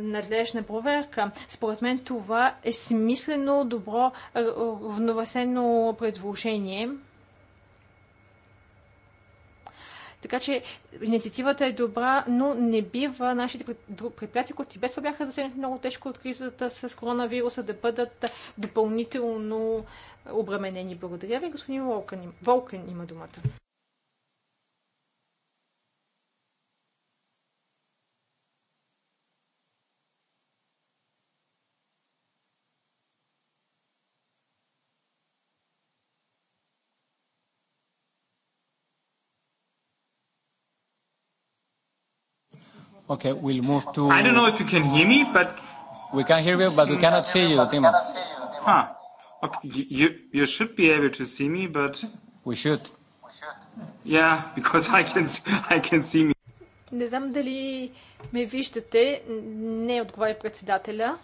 [SPEAKER 4] надлежна проверка. Според мен това е смислено, добро, равновесено предложение. Така че инициативата е добра, но не бива нашите предприятия, които и без това бяха засегнати много тежко от кризата с коронавируса, да бъдат допълнително обременени. Благодаря ви, господин Волкан. Волкан има думата.
[SPEAKER 1] Okay, we'll move to. I don't know if you can hear me, but. We can hear you, but we cannot see you, Timo. Huh. Okay, you, you should be able to see me, but. We should. Yeah, because I can, I can see me.
[SPEAKER 4] Не знам дали ме виждате. Не отговаря председателя.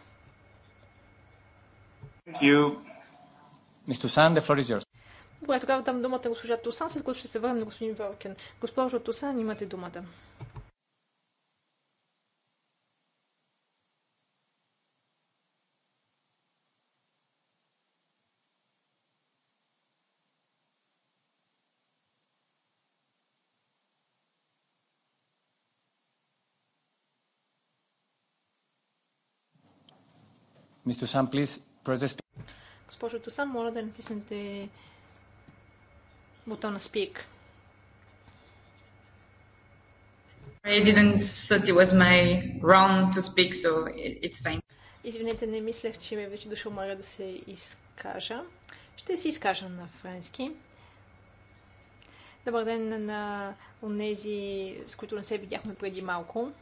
[SPEAKER 1] Thank you. Mr. San, the floor is yours.
[SPEAKER 4] Добре, тогава дам думата на госпожа Тусан, след което ще се върнем на господин Велкен. Госпожо Тусан, имате думата. Госпожо Тосан, моля да натиснете бутона Speak. I didn't thought it was my to speak, so it's fine. Извинете, не мислех, че ми е вече дошъл мога да се изкажа. Ще се изкажа на френски. Добър ден на онези, с които не се видяхме преди малко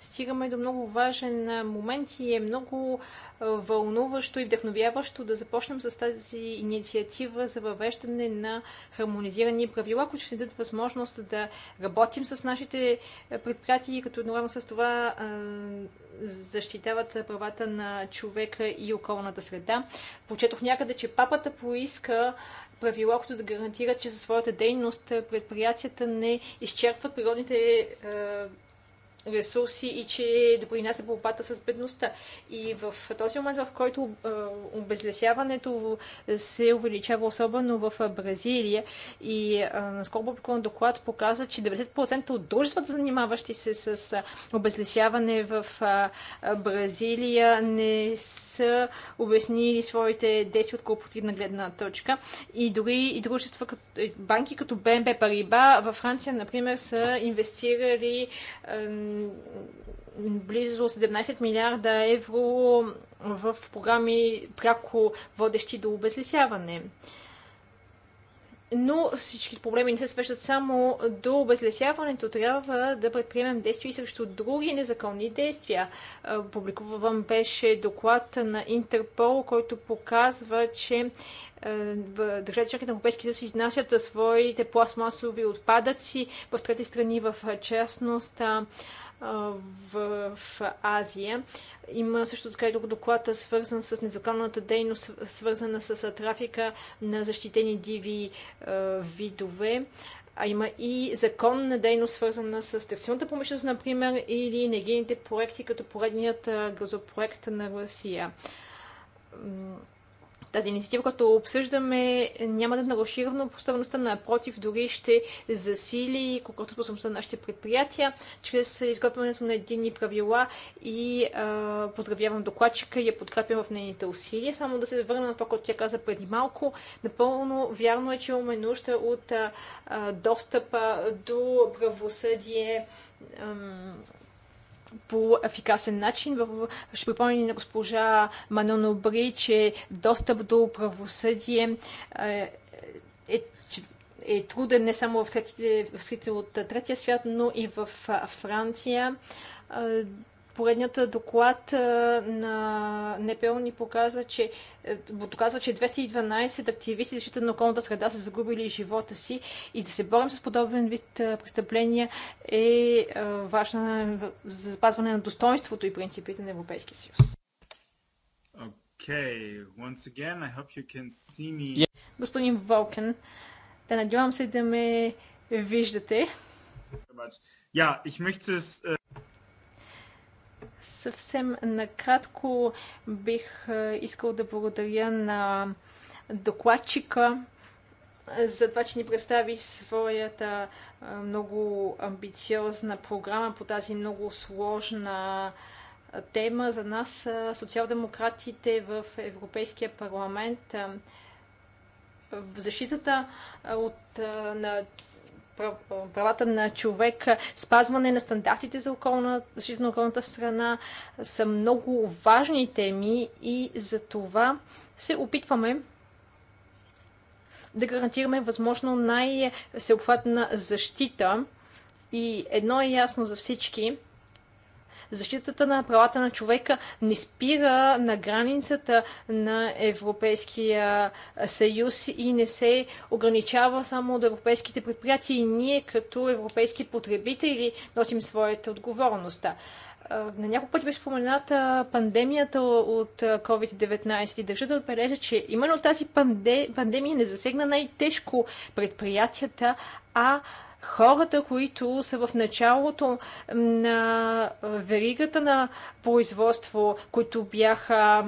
[SPEAKER 4] стигаме до много важен момент и е много вълнуващо и вдъхновяващо да започнем с тази инициатива за въвеждане на хармонизирани правила, които ще дадат възможност да работим с нашите предприятия, като едновременно с това защитават правата на човека и околната среда. Почетох някъде, че папата поиска правила, които да гарантират, че за своята дейност предприятията не изчерпват природните ресурси и че допринася борбата с бедността. И в този момент, в който обезлесяването се увеличава, особено в Бразилия, и наскоро публикуван доклад показа, че 90% от дружествата, занимаващи се с обезлесяване в Бразилия, не са обяснили своите действия от корпоративна гледна точка. И дори и дружества, банки като БНБ Париба във Франция, например, са инвестирали близо 17 милиарда евро в програми пряко водещи до обезлесяване. Но всички проблеми не се свеждат само до обезлесяването. Трябва да предприемем действия и срещу други незаконни действия. Публикуван беше доклад на Интерпол, който показва, че държавите членки на Европейския съюз изнасят своите пластмасови отпадъци в трети страни, в частност в, в Азия. Има също така и друг доклад, свързан с незаконната дейност, свързана с трафика на защитени диви видове а има и законна дейност, свързана с текстилната промишленост, например, или енергийните проекти, като поредният газопроект на Русия. Тази инициатива, която обсъждаме, няма да наруши равнопоставеността, напротив, дори ще засили конкурентоспособността на нашите предприятия чрез изготвянето на единни правила и а, поздравявам докладчика и я подкрепям в нейните усилия. Само да се върна на това, което тя каза преди малко. Напълно вярно е, че имаме нужда от а, достъпа до правосъдие по ефикасен начин. Ще припомня на госпожа Манон Обри, че достъп до правосъдие е, е, е труден не само в в от третия свят, но и в Франция Поредният доклад на НПО ни показа, че, е, доказва, че 212 активисти защита на околната среда са загубили живота си и да се борим с подобен вид престъпления е важно за запазване на достоинството и принципите на Европейския съюз.
[SPEAKER 1] Okay, once again, I hope you can see me. Yeah. Е, Господин Волкен,
[SPEAKER 4] да надявам се да ме виждате.
[SPEAKER 2] Yeah, ich möchte es, uh...
[SPEAKER 4] Съвсем накратко бих е, искал да благодаря на докладчика е, за това, че ни представи своята е, много амбициозна програма по тази много сложна тема. За нас, социал-демократите в Европейския парламент, защитата от, на правата на човека, спазване на стандартите за околна, защита на околната страна са много важни теми и за това се опитваме да гарантираме възможно най-всеобхватна защита. И едно е ясно за всички, защитата на правата на човека не спира на границата на Европейския съюз и не се ограничава само до европейските предприятия и ние като европейски потребители носим своята отговорност. На няколко пъти беше спомената пандемията от COVID-19 държа да отбележа, че именно тази панде... пандемия не засегна най-тежко предприятията, а хората, които са в началото на веригата на производство, които бяха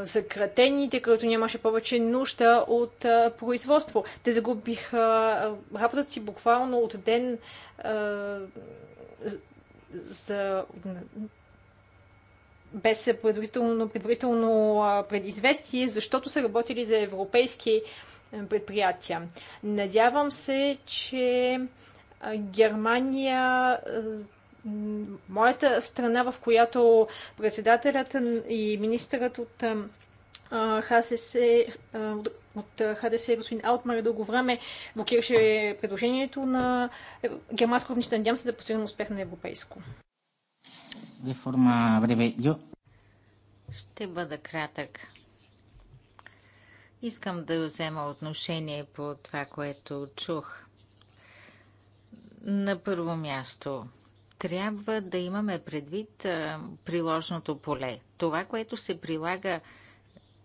[SPEAKER 4] закратени, тъй като нямаше повече нужда от производство. Те загубиха работата си буквално от ден за без предварително, предварително предизвестие, защото са работили за европейски предприятия. Надявам се, че Германия моята страна, в която председателят и министърът от ХСС, от ХДС господин Алтмар дълго време блокираше предложението на германско равнище.
[SPEAKER 2] Надявам се да постигнем успех на европейско. Ще бъда кратък. Искам да взема отношение по това, което чух. На първо място, трябва да имаме предвид а, приложното поле. Това, което се прилага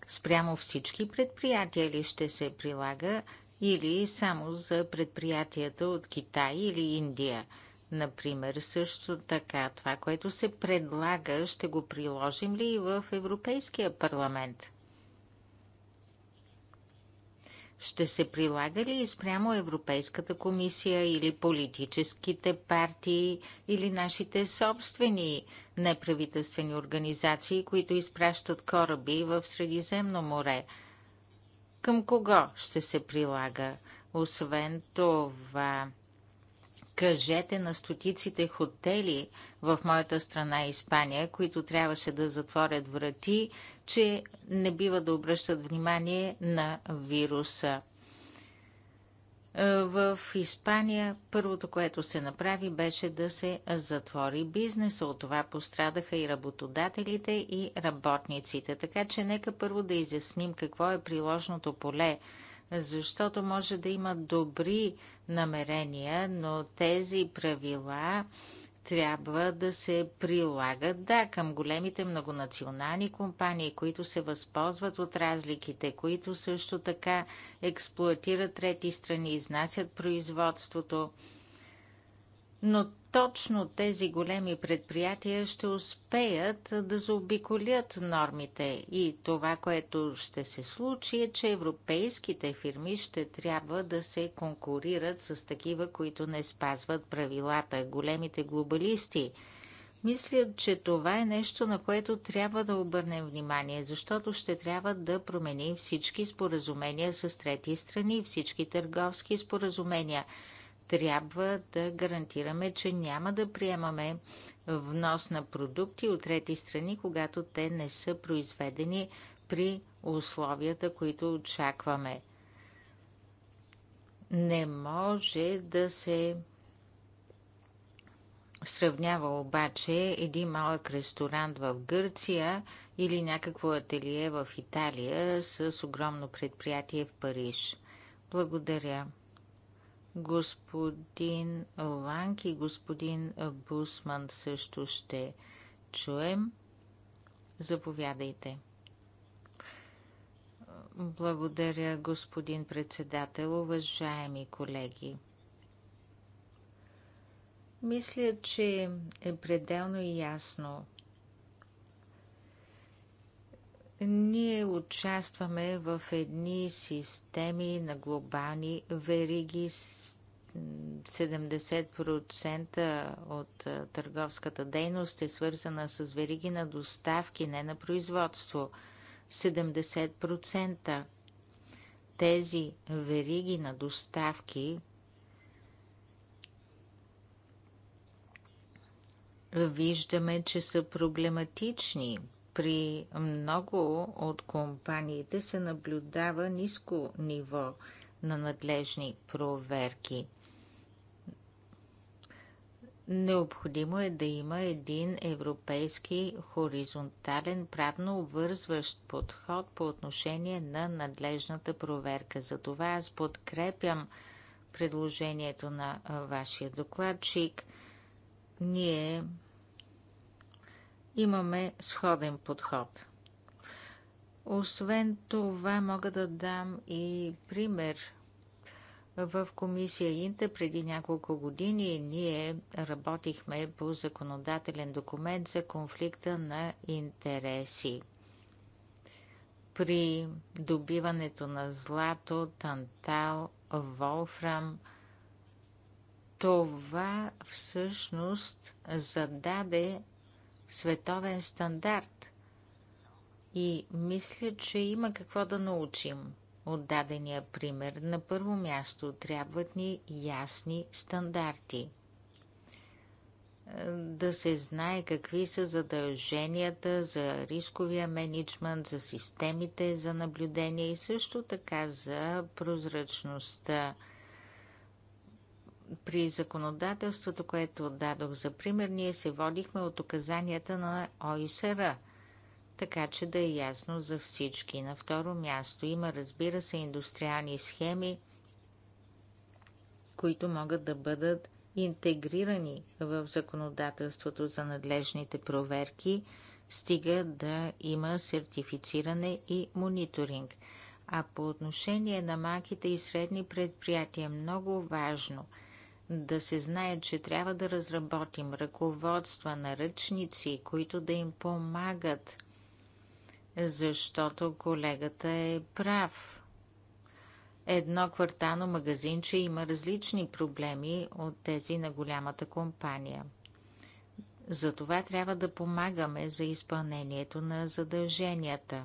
[SPEAKER 2] спрямо всички предприятия ли ще се прилага или само за предприятията от Китай или Индия. Например, също така това, което се предлага, ще го приложим ли и в Европейския парламент? ще се прилага ли спрямо Европейската комисия или политическите партии или нашите собствени неправителствени организации, които изпращат кораби в Средиземно море? Към кого ще се прилага? Освен това, кажете на стотиците хотели в моята страна Испания, които трябваше да затворят врати че не бива да обръщат внимание на вируса. В Испания първото, което се направи, беше да се затвори бизнеса. От това пострадаха и работодателите, и работниците. Така че нека първо да изясним какво е приложното поле, защото може да има добри намерения, но тези правила трябва да се прилагат, да, към големите многонационални компании, които се възползват от разликите, които също така експлуатират трети страни, изнасят производството. Но точно тези големи предприятия ще успеят да заобиколят нормите. И това, което ще се случи, е, че европейските фирми ще трябва да се конкурират с такива, които не спазват правилата, големите глобалисти. Мисля, че това е нещо, на което трябва да обърнем внимание, защото ще трябва да променим всички споразумения с трети страни, всички търговски споразумения – трябва да гарантираме, че няма да приемаме внос на продукти от трети страни, когато те не са произведени при условията, които очакваме. Не може да се сравнява обаче един малък ресторант в Гърция или някакво ателие в Италия с огромно предприятие в Париж. Благодаря. Господин Ланг и господин Бусман също ще чуем. Заповядайте. Благодаря, господин председател, уважаеми колеги. Мисля, че е пределно ясно, ние участваме в едни системи на глобални вериги. 70% от търговската дейност е свързана с вериги на доставки, не на производство. 70% тези вериги на доставки виждаме, че са проблематични – при много от компаниите се наблюдава ниско ниво на надлежни проверки. Необходимо е да има един европейски хоризонтален правно обвързващ подход по отношение на надлежната проверка. Затова аз подкрепям предложението на вашия докладчик. Ние имаме сходен подход. Освен това, мога да дам и пример. В комисия Инта преди няколко години ние работихме по законодателен документ за конфликта на интереси. При добиването на злато, тантал, волфрам, това всъщност зададе световен стандарт. И мисля, че има какво да научим от дадения пример. На първо място трябват ни ясни стандарти. Да се знае какви са задълженията за рисковия менеджмент, за системите за наблюдение и също така за прозрачността при законодателството, което дадох за пример, ние се водихме от указанията на ОИСР, така че да е ясно за всички. На второ място има, разбира се, индустриални схеми, които могат да бъдат интегрирани в законодателството за надлежните проверки, стига да има сертифициране и мониторинг. А по отношение на малките и средни предприятия, е много важно – да се знае, че трябва да разработим ръководства, на ръчници, които да им помагат, защото колегата е прав. Едно квартално магазинче има различни проблеми от тези на голямата компания. Затова трябва да помагаме за изпълнението на задълженията.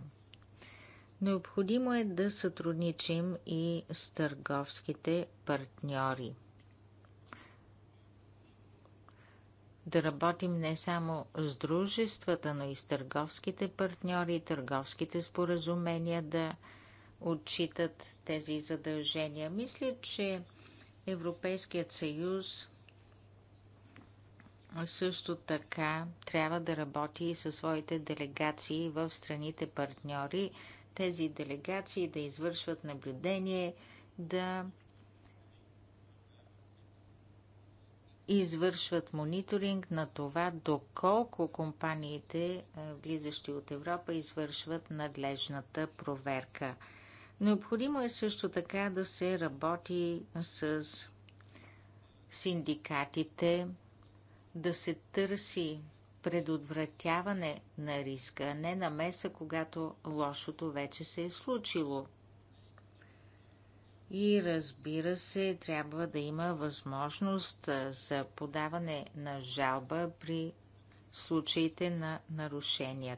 [SPEAKER 2] Необходимо е да сътрудничим и с търговските партньори. да работим не само с дружествата, но и с търговските партньори, търговските споразумения да отчитат тези задължения. Мисля, че Европейският съюз също така трябва да работи и със своите делегации в страните партньори. Тези делегации да извършват наблюдение, да извършват мониторинг на това доколко компаниите, е, влизащи от Европа, извършват надлежната проверка. Необходимо е също така да се работи с синдикатите, да се търси предотвратяване на риска, а не намеса, когато лошото вече се е случило – и разбира се, трябва да има възможност за подаване на жалба при случаите на нарушения.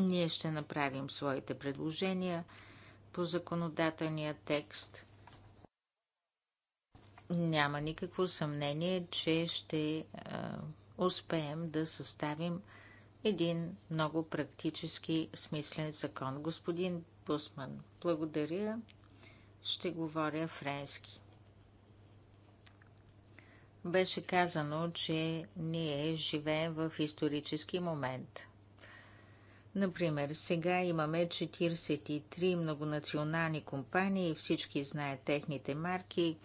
[SPEAKER 2] Ние ще направим своите предложения по законодателния текст. Няма никакво съмнение, че ще е, успеем да съставим един много практически смислен закон. Господин Бусман. Благодаря. Ще говоря френски. Беше казано, че ние живеем в исторически момент. Например, сега имаме 43 многонационални компании, всички знаят техните марки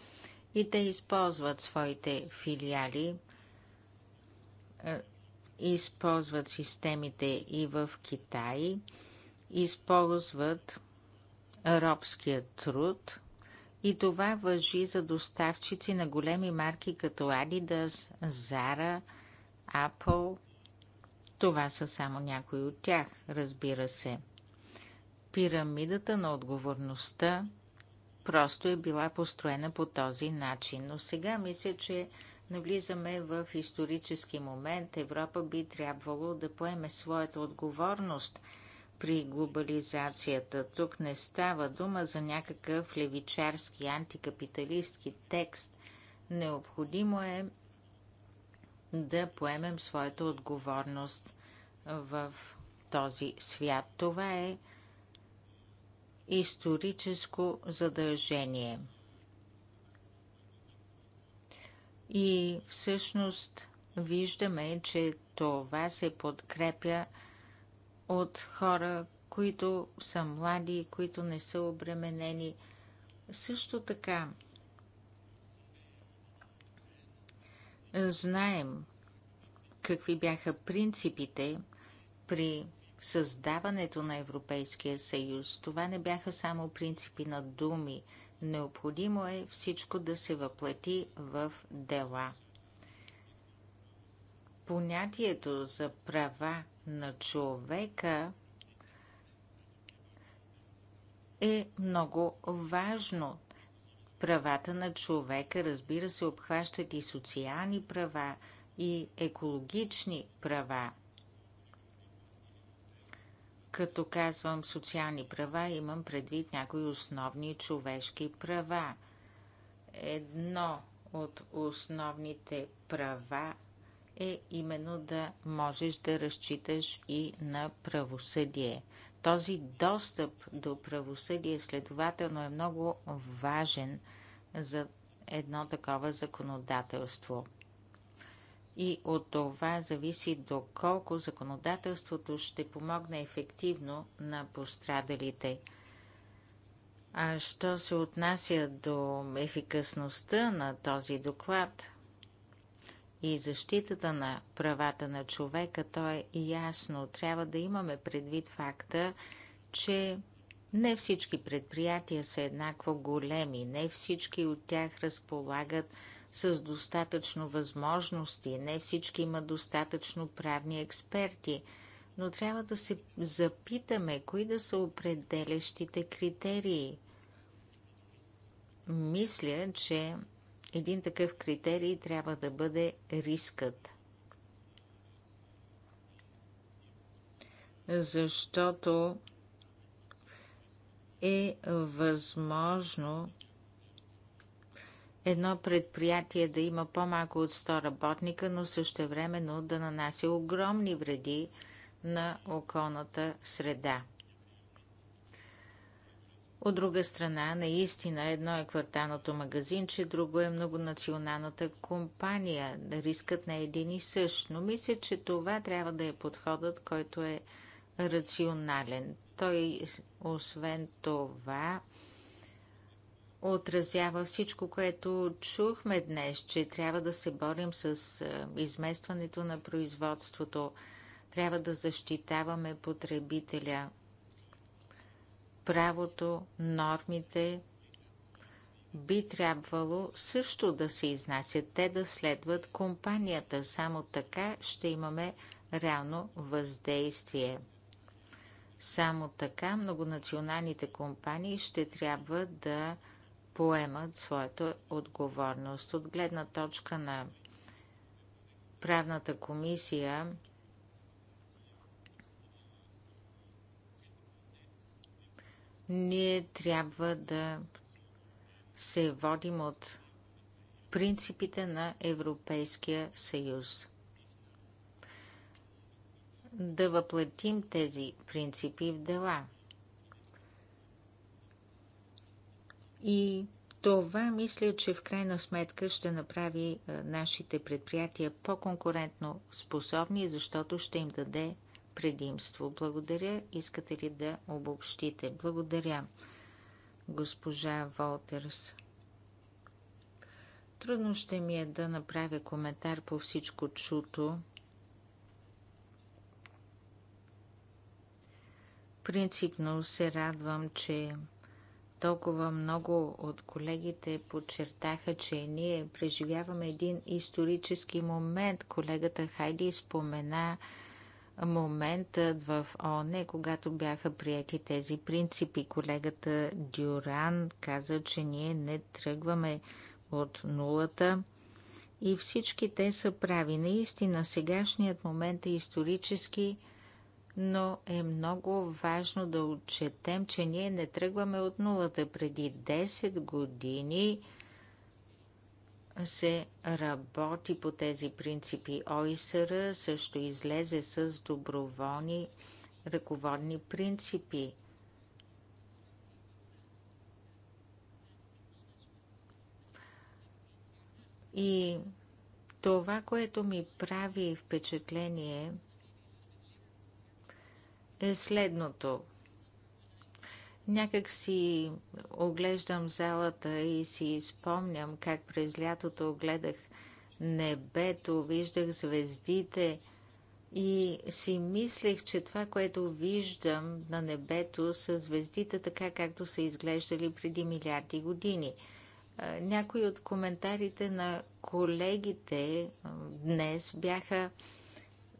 [SPEAKER 2] и те използват своите филиали, е, използват системите и в Китай – използват робския труд и това въжи за доставчици на големи марки като Adidas, Zara, Apple. Това са само някои от тях, разбира се. Пирамидата на отговорността просто е била построена по този начин, но сега мисля, че навлизаме в исторически момент. Европа би трябвало да поеме своята отговорност – при глобализацията. Тук не става дума за някакъв левичарски, антикапиталистки текст. Необходимо е да поемем своята отговорност в този свят. Това е историческо задължение. И всъщност виждаме, че това се подкрепя от хора, които са млади, които не са обременени. Също така, знаем какви бяха принципите при създаването на Европейския съюз. Това не бяха само принципи на думи. Необходимо е всичко да се въплати в дела понятието за права на човека е много важно. Правата на човека, разбира се, обхващат и социални права, и екологични права. Като казвам социални права, имам предвид някои основни човешки права. Едно от основните права е именно да можеш да разчиташ и на правосъдие. Този достъп до правосъдие следователно е много важен за едно такова законодателство. И от това зависи доколко законодателството ще помогне ефективно на пострадалите. А що се отнася до ефикасността на този доклад, и защитата на правата на човека, то е ясно. Трябва да имаме предвид факта, че не всички предприятия са еднакво големи, не всички от тях разполагат с достатъчно възможности, не всички имат достатъчно правни експерти, но трябва да се запитаме кои да са определящите критерии. Мисля, че един такъв критерий трябва да бъде рискът. Защото е възможно едно предприятие да има по-малко от 100 работника, но същевременно да нанася огромни вреди на околната среда. От друга страна, наистина едно е кварталното магазинче, друго е многонационалната компания. Рискът на е един и същ. Но мисля, че това трябва да е подходът, който е рационален. Той, освен това, отразява всичко, което чухме днес, че трябва да се борим с е, изместването на производството, трябва да защитаваме потребителя – правото, нормите би трябвало също да се изнасят, те да следват компанията. Само така ще имаме реално въздействие. Само така многонационалните компании ще трябва да поемат своята отговорност. От гледна точка на правната комисия, Ние трябва да се водим от принципите на Европейския съюз. Да въплатим тези принципи в дела. И това мисля, че в крайна сметка ще направи нашите предприятия по-конкурентно способни, защото ще им даде предимство. Благодаря. Искате ли да обобщите? Благодаря, госпожа Волтерс. Трудно ще ми е да направя коментар по всичко чуто. Принципно се радвам, че толкова много от колегите подчертаха, че ние преживяваме един исторически момент. Колегата Хайди спомена, моментът в ОНЕ, когато бяха прияти тези принципи. Колегата Дюран каза, че ние не тръгваме от нулата и всички те са прави. Наистина, сегашният момент е исторически, но е много важно да отчетем, че ние не тръгваме от нулата. Преди 10 години се работи по тези принципи. ОИСР също излезе с доброволни ръководни принципи. И това, което ми прави впечатление е следното – Някак си оглеждам залата и си спомням как през лятото огледах небето, виждах звездите и си мислех, че това, което виждам на небето са звездите така, както са изглеждали преди милиарди години. Някои от коментарите на колегите днес бяха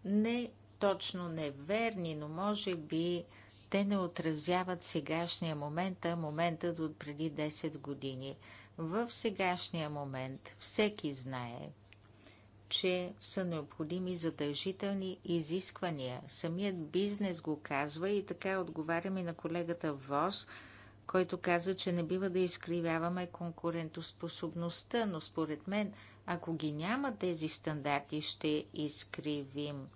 [SPEAKER 2] не точно неверни, но може би те не отразяват сегашния момент, а моментът от преди 10 години. В сегашния момент всеки знае, че са необходими задължителни изисквания. Самият бизнес го казва и така отговарям и на колегата ВОЗ, който каза, че не бива да изкривяваме конкурентоспособността, но според мен, ако ги няма тези стандарти, ще изкривим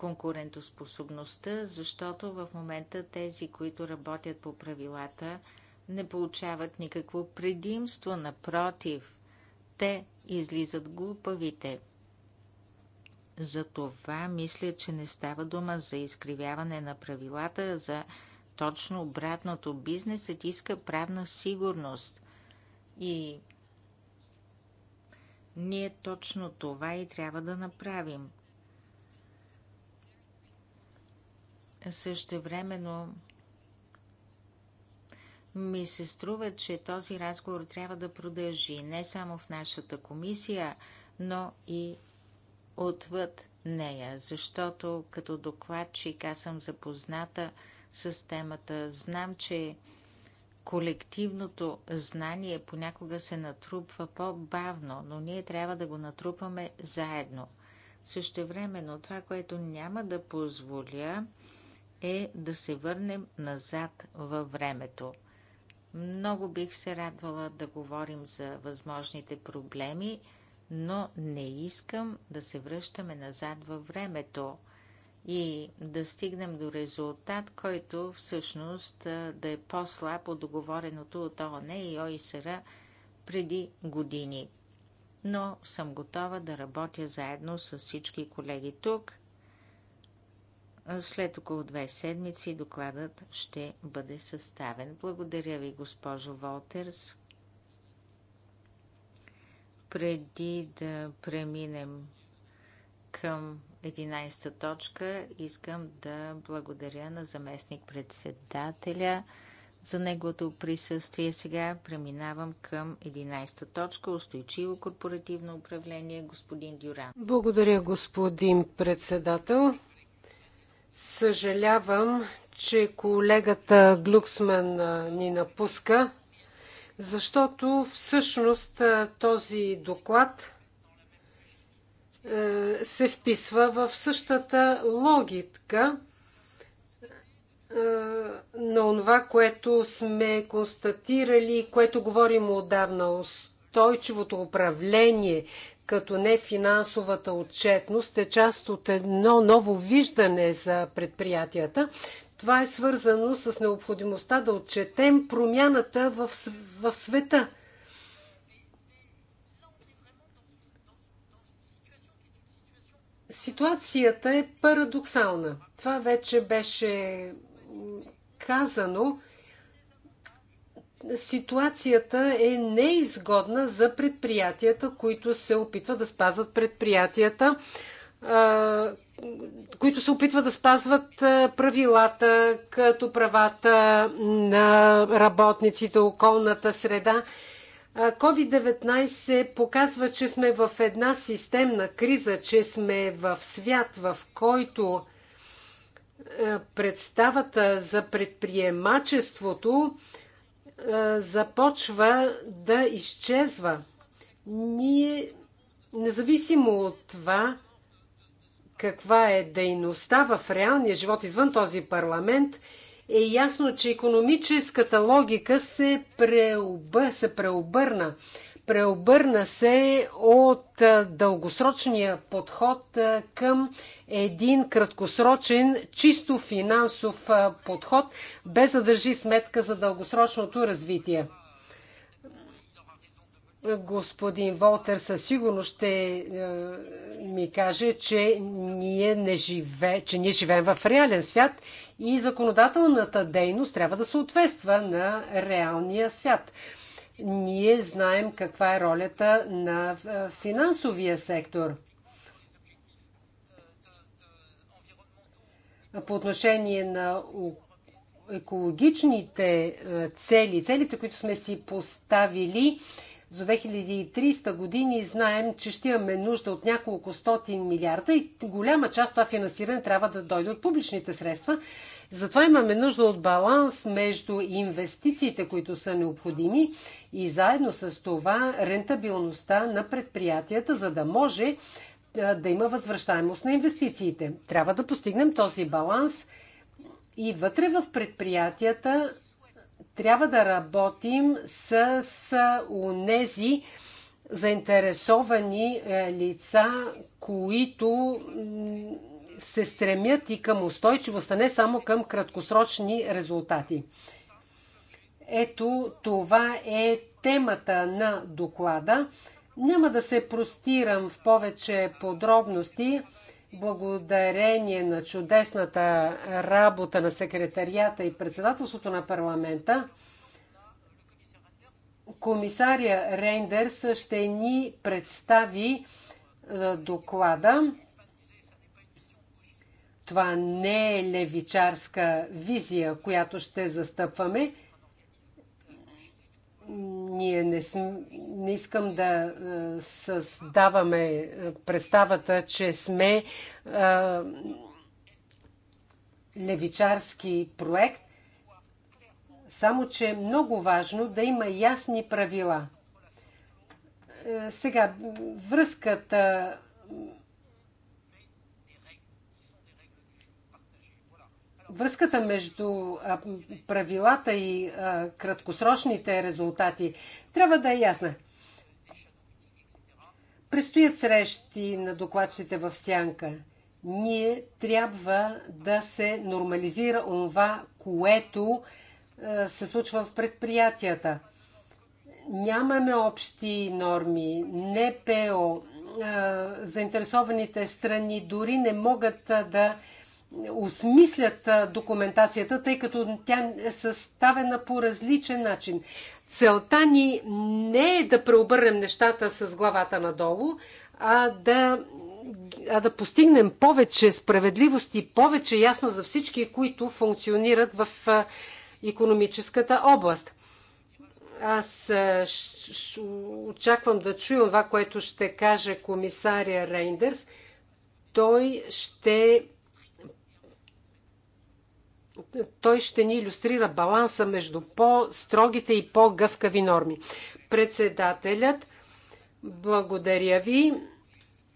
[SPEAKER 2] конкурентоспособността, защото в момента тези, които работят по правилата, не получават никакво предимство. Напротив, те излизат глупавите. Затова мисля, че не става дума за изкривяване на правилата, за точно обратното. Бизнесът иска правна сигурност. И ние точно това и трябва да направим. Същевременно ми се струва, че този разговор трябва да продължи не само в нашата комисия, но и отвъд нея, защото като докладчик аз съм запозната с темата. Знам, че колективното знание понякога се натрупва по-бавно, но ние трябва да го натрупаме заедно. Същевременно това, което няма да позволя, е да се върнем назад във времето. Много бих се радвала да говорим за възможните проблеми, но не искам да се връщаме назад във времето и да стигнем до резултат, който всъщност да е по-слаб от договореното от ООН и ОИСР преди години. Но съм готова да работя заедно с всички колеги тук след около две седмици докладът ще бъде съставен. Благодаря ви, госпожо Волтерс. Преди да преминем към 11-та точка, искам да благодаря на заместник-председателя за неговото присъствие. Сега преминавам към 11-та точка устойчиво корпоративно управление господин Дюран.
[SPEAKER 3] Благодаря, господин председател. Съжалявам, че колегата Глюксман ни напуска, защото всъщност този доклад се вписва в същата логика на това, което сме констатирали, което говорим отдавна. Устойчивото управление, като не финансовата отчетност е част от едно ново виждане за предприятията. Това е свързано с необходимостта да отчетем промяната в, в света. Ситуацията е парадоксална. Това вече беше казано ситуацията е неизгодна за предприятията, които се опитват да спазват предприятията, които се опитват да спазват правилата, като правата на работниците, околната среда. COVID-19 показва, че сме в една системна криза, че сме в свят, в който представата за предприемачеството е, започва да изчезва. Ние, независимо от това, каква е дейността в реалния живот извън този парламент, е ясно, че економическата логика се, преобър... се преобърна преобърна се от дългосрочния подход към един краткосрочен, чисто финансов подход, без да държи сметка за дългосрочното развитие. Господин Волтер със сигурност ще ми каже, че ние, не живе, че ние живеем в реален свят и законодателната дейност трябва да съответства на реалния свят. Ние знаем каква е ролята на финансовия сектор. По отношение на екологичните цели, целите, които сме си поставили за 2300 години, знаем, че ще имаме нужда от няколко стотин милиарда и голяма част това финансиране трябва да дойде от публичните средства. Затова имаме нужда от баланс между инвестициите, които са необходими и заедно с това рентабилността на предприятията, за да може да има възвръщаемост на инвестициите. Трябва да постигнем този баланс и вътре в предприятията трябва да работим с, с унези заинтересовани е, лица, които се стремят и към устойчивост, а не само към краткосрочни резултати. Ето това е темата на доклада. Няма да се простирам в повече подробности. Благодарение на чудесната работа на секретарията и председателството на парламента, комисария Рейндерс ще ни представи доклада. Това не е левичарска визия, която ще застъпваме. Ние не, см... не искам да е, създаваме е, представата, че сме а, е, левичарски проект. Само, че е много важно да има ясни правила. Сега, връзката връзката между правилата и краткосрочните резултати трябва да е ясна. Престоят срещи на докладчите в Сянка. Ние трябва да се нормализира онова, което се случва в предприятията. Нямаме общи норми, НПО, заинтересованите страни дори не могат да осмислят документацията, тъй като тя е съставена по различен начин. Целта ни не е да преобърнем нещата с главата надолу, а да, а да постигнем повече справедливост и повече ясно за всички, които функционират в економическата област. Аз очаквам да чуя това, което ще каже комисария Рейндърс. Той ще той ще ни иллюстрира баланса между по-строгите и по-гъвкави норми. Председателят, благодаря ви.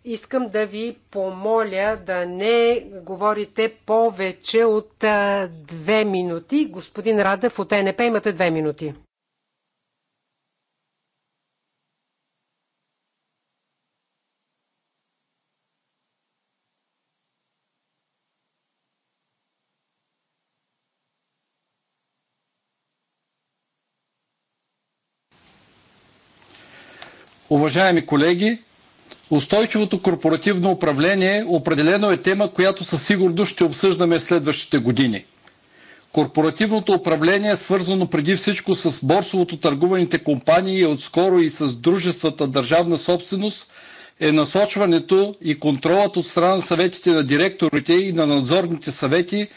[SPEAKER 3] Искам да ви помоля да не говорите повече от две минути. Господин Радев от ЕНП имате две минути.
[SPEAKER 1] Уважаеми колеги, устойчивото корпоративно управление определено е тема, която със сигурност ще обсъждаме в следващите години. Корпоративното управление е свързано преди всичко с борсовото търгуваните компании и отскоро и с дружествата държавна собственост е насочването и контролът от страна на съветите на директорите и на надзорните съвети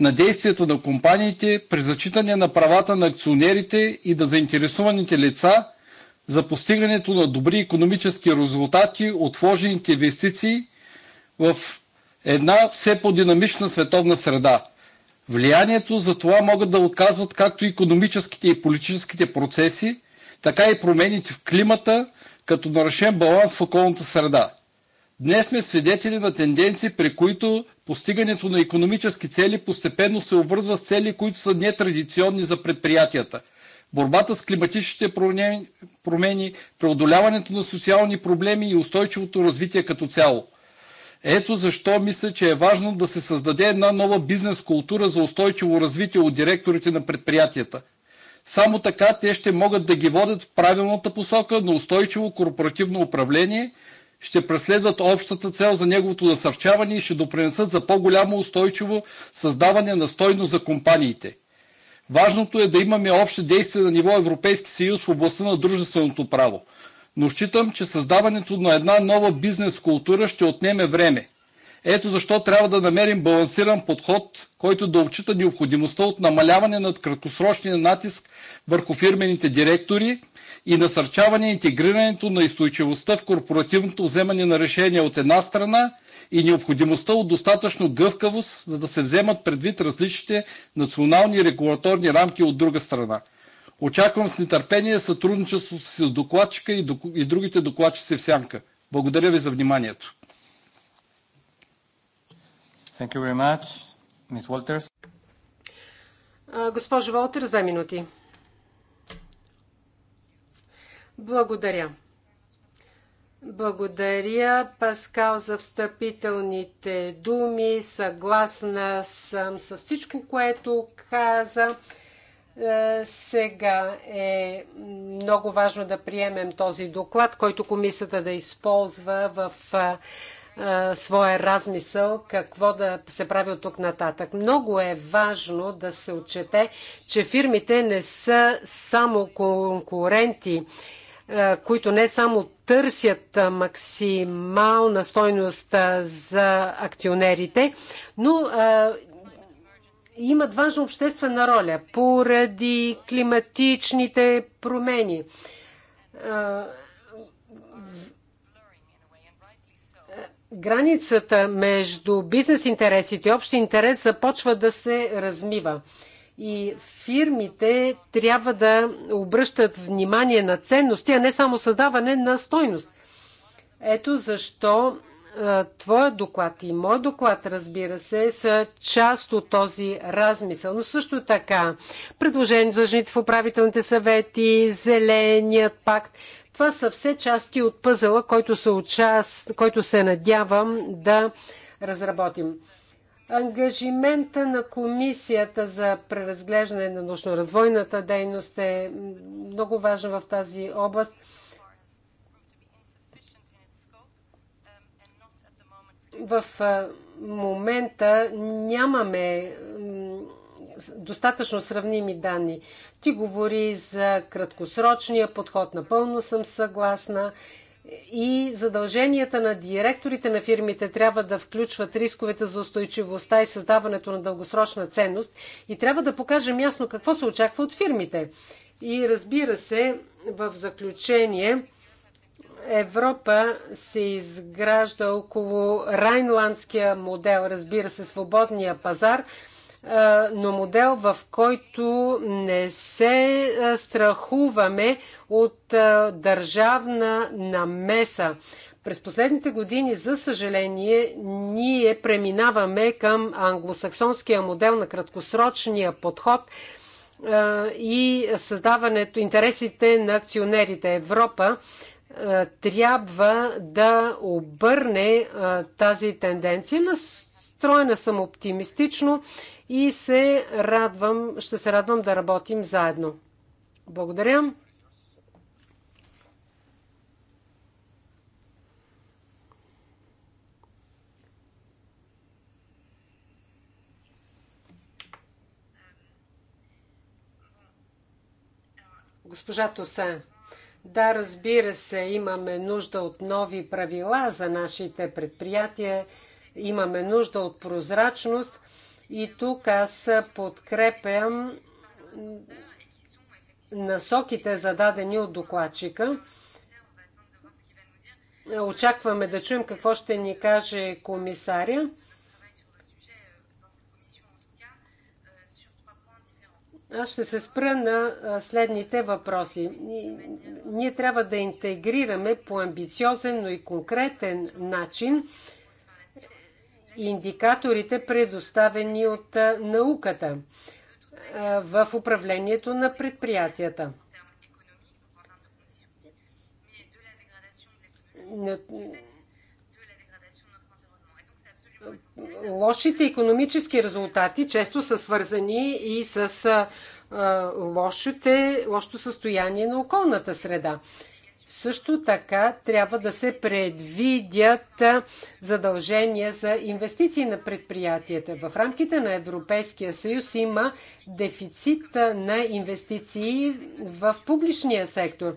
[SPEAKER 1] на действията на компаниите при зачитане на правата на акционерите и на заинтересуваните лица за постигането на добри економически резултати от вложените инвестиции в една все по-динамична световна среда. Влиянието за това могат да отказват както економическите и политическите процеси, така и промените в климата, като нарушен баланс в околната среда. Днес сме свидетели на тенденции, при които постигането на економически цели постепенно се обвързва с цели, които са нетрадиционни за предприятията – борбата с климатичните промени, преодоляването на социални проблеми и устойчивото развитие като цяло. Ето защо мисля, че е важно да се създаде една нова бизнес култура за устойчиво развитие от директорите на предприятията. Само така те ще могат да ги водят в правилната посока на устойчиво корпоративно управление, ще преследват общата цел за неговото насърчаване и ще допринесат за по-голямо устойчиво създаване на стойност за компаниите. Важното е да имаме общи действия на ниво Европейски съюз в областта на дружественото право. Но считам, че създаването на една нова бизнес култура ще отнеме време. Ето защо трябва да намерим балансиран подход, който да отчита необходимостта от намаляване на краткосрочния натиск върху фирмените директори и насърчаване интегрирането на устойчивостта в корпоративното вземане на решения от една страна и необходимостта от достатъчно гъвкавост, за да се вземат предвид различните национални регулаторни рамки от друга страна. Очаквам с нетърпение сътрудничеството си с докладчика и другите докладчици в сянка. Благодаря ви за вниманието. Thank you very much. Ms. Walters.
[SPEAKER 3] Госпожо Волтер, две минути. Благодаря. Благодаря, Паскал, за встъпителните думи. Съгласна съм с всичко, което каза. Е, сега е много важно да приемем този доклад, който комисията да използва в е, е, своя размисъл какво да се прави от тук нататък. Много е важно да се отчете, че фирмите не са само конкуренти е, които не само търсят максимална стойност за акционерите, но имат важна обществена роля поради климатичните промени. Е, границата между бизнес интересите и общи интерес започва да се размива и фирмите трябва да обръщат внимание на ценности, а не само създаване на стойност. Ето защо твоя доклад и мой доклад, разбира се, са част от този размисъл. Но също така, предложение за жените в управителните съвети, зеленият пакт, това са все части от пъзела, който се, участ... който се надявам да разработим. Ангажимента на комисията за преразглеждане на научно-развойната дейност е много важен в тази област. В момента нямаме достатъчно сравними данни. Ти говори за краткосрочния подход, напълно съм съгласна и задълженията на директорите на фирмите трябва да включват рисковете за устойчивостта и създаването на дългосрочна ценност и трябва да покажем ясно какво се очаква от фирмите. И разбира се, в заключение, Европа се изгражда около райнландския модел, разбира се, свободния пазар – е, но модел, в който не се е, страхуваме от е, държавна намеса. През последните години, за съжаление, ние преминаваме към англосаксонския модел на краткосрочния подход и създаването интересите на акционерите. Европа трябва да обърне тази тенденция. Настроена съм оптимистично и се радвам, ще се радвам да работим заедно. Благодаря. Госпожа Тосан. Да, разбира се, имаме нужда от нови правила за нашите предприятия, имаме нужда от прозрачност и тук аз подкрепям насоките, зададени от докладчика. Очакваме да чуем какво ще ни каже комисаря. Аз ще се спра на следните въпроси. Ние трябва да интегрираме по амбициозен, но и конкретен начин индикаторите, предоставени от науката в управлението на предприятията. Лошите економически резултати често са свързани и с лошите, лошото състояние на околната среда. Също така трябва да се предвидят задължения за инвестиции на предприятията. В рамките на Европейския съюз има дефицит на инвестиции в публичния сектор.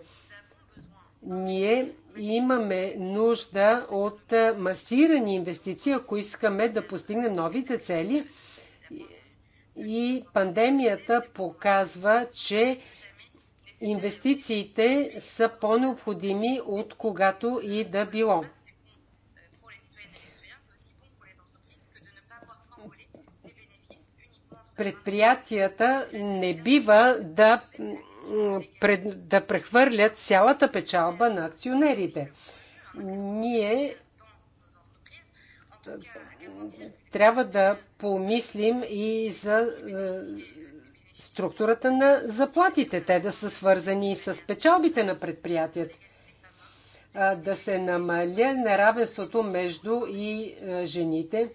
[SPEAKER 3] Ние имаме нужда от масирани инвестиции, ако искаме да постигнем новите цели. И пандемията показва, че Инвестициите са по-необходими от когато и да било. Предприятията не бива да, да прехвърлят цялата печалба на акционерите. Ние трябва да помислим и за структурата на заплатите, те да са свързани с печалбите на предприятията, да се намаля неравенството между и е, жените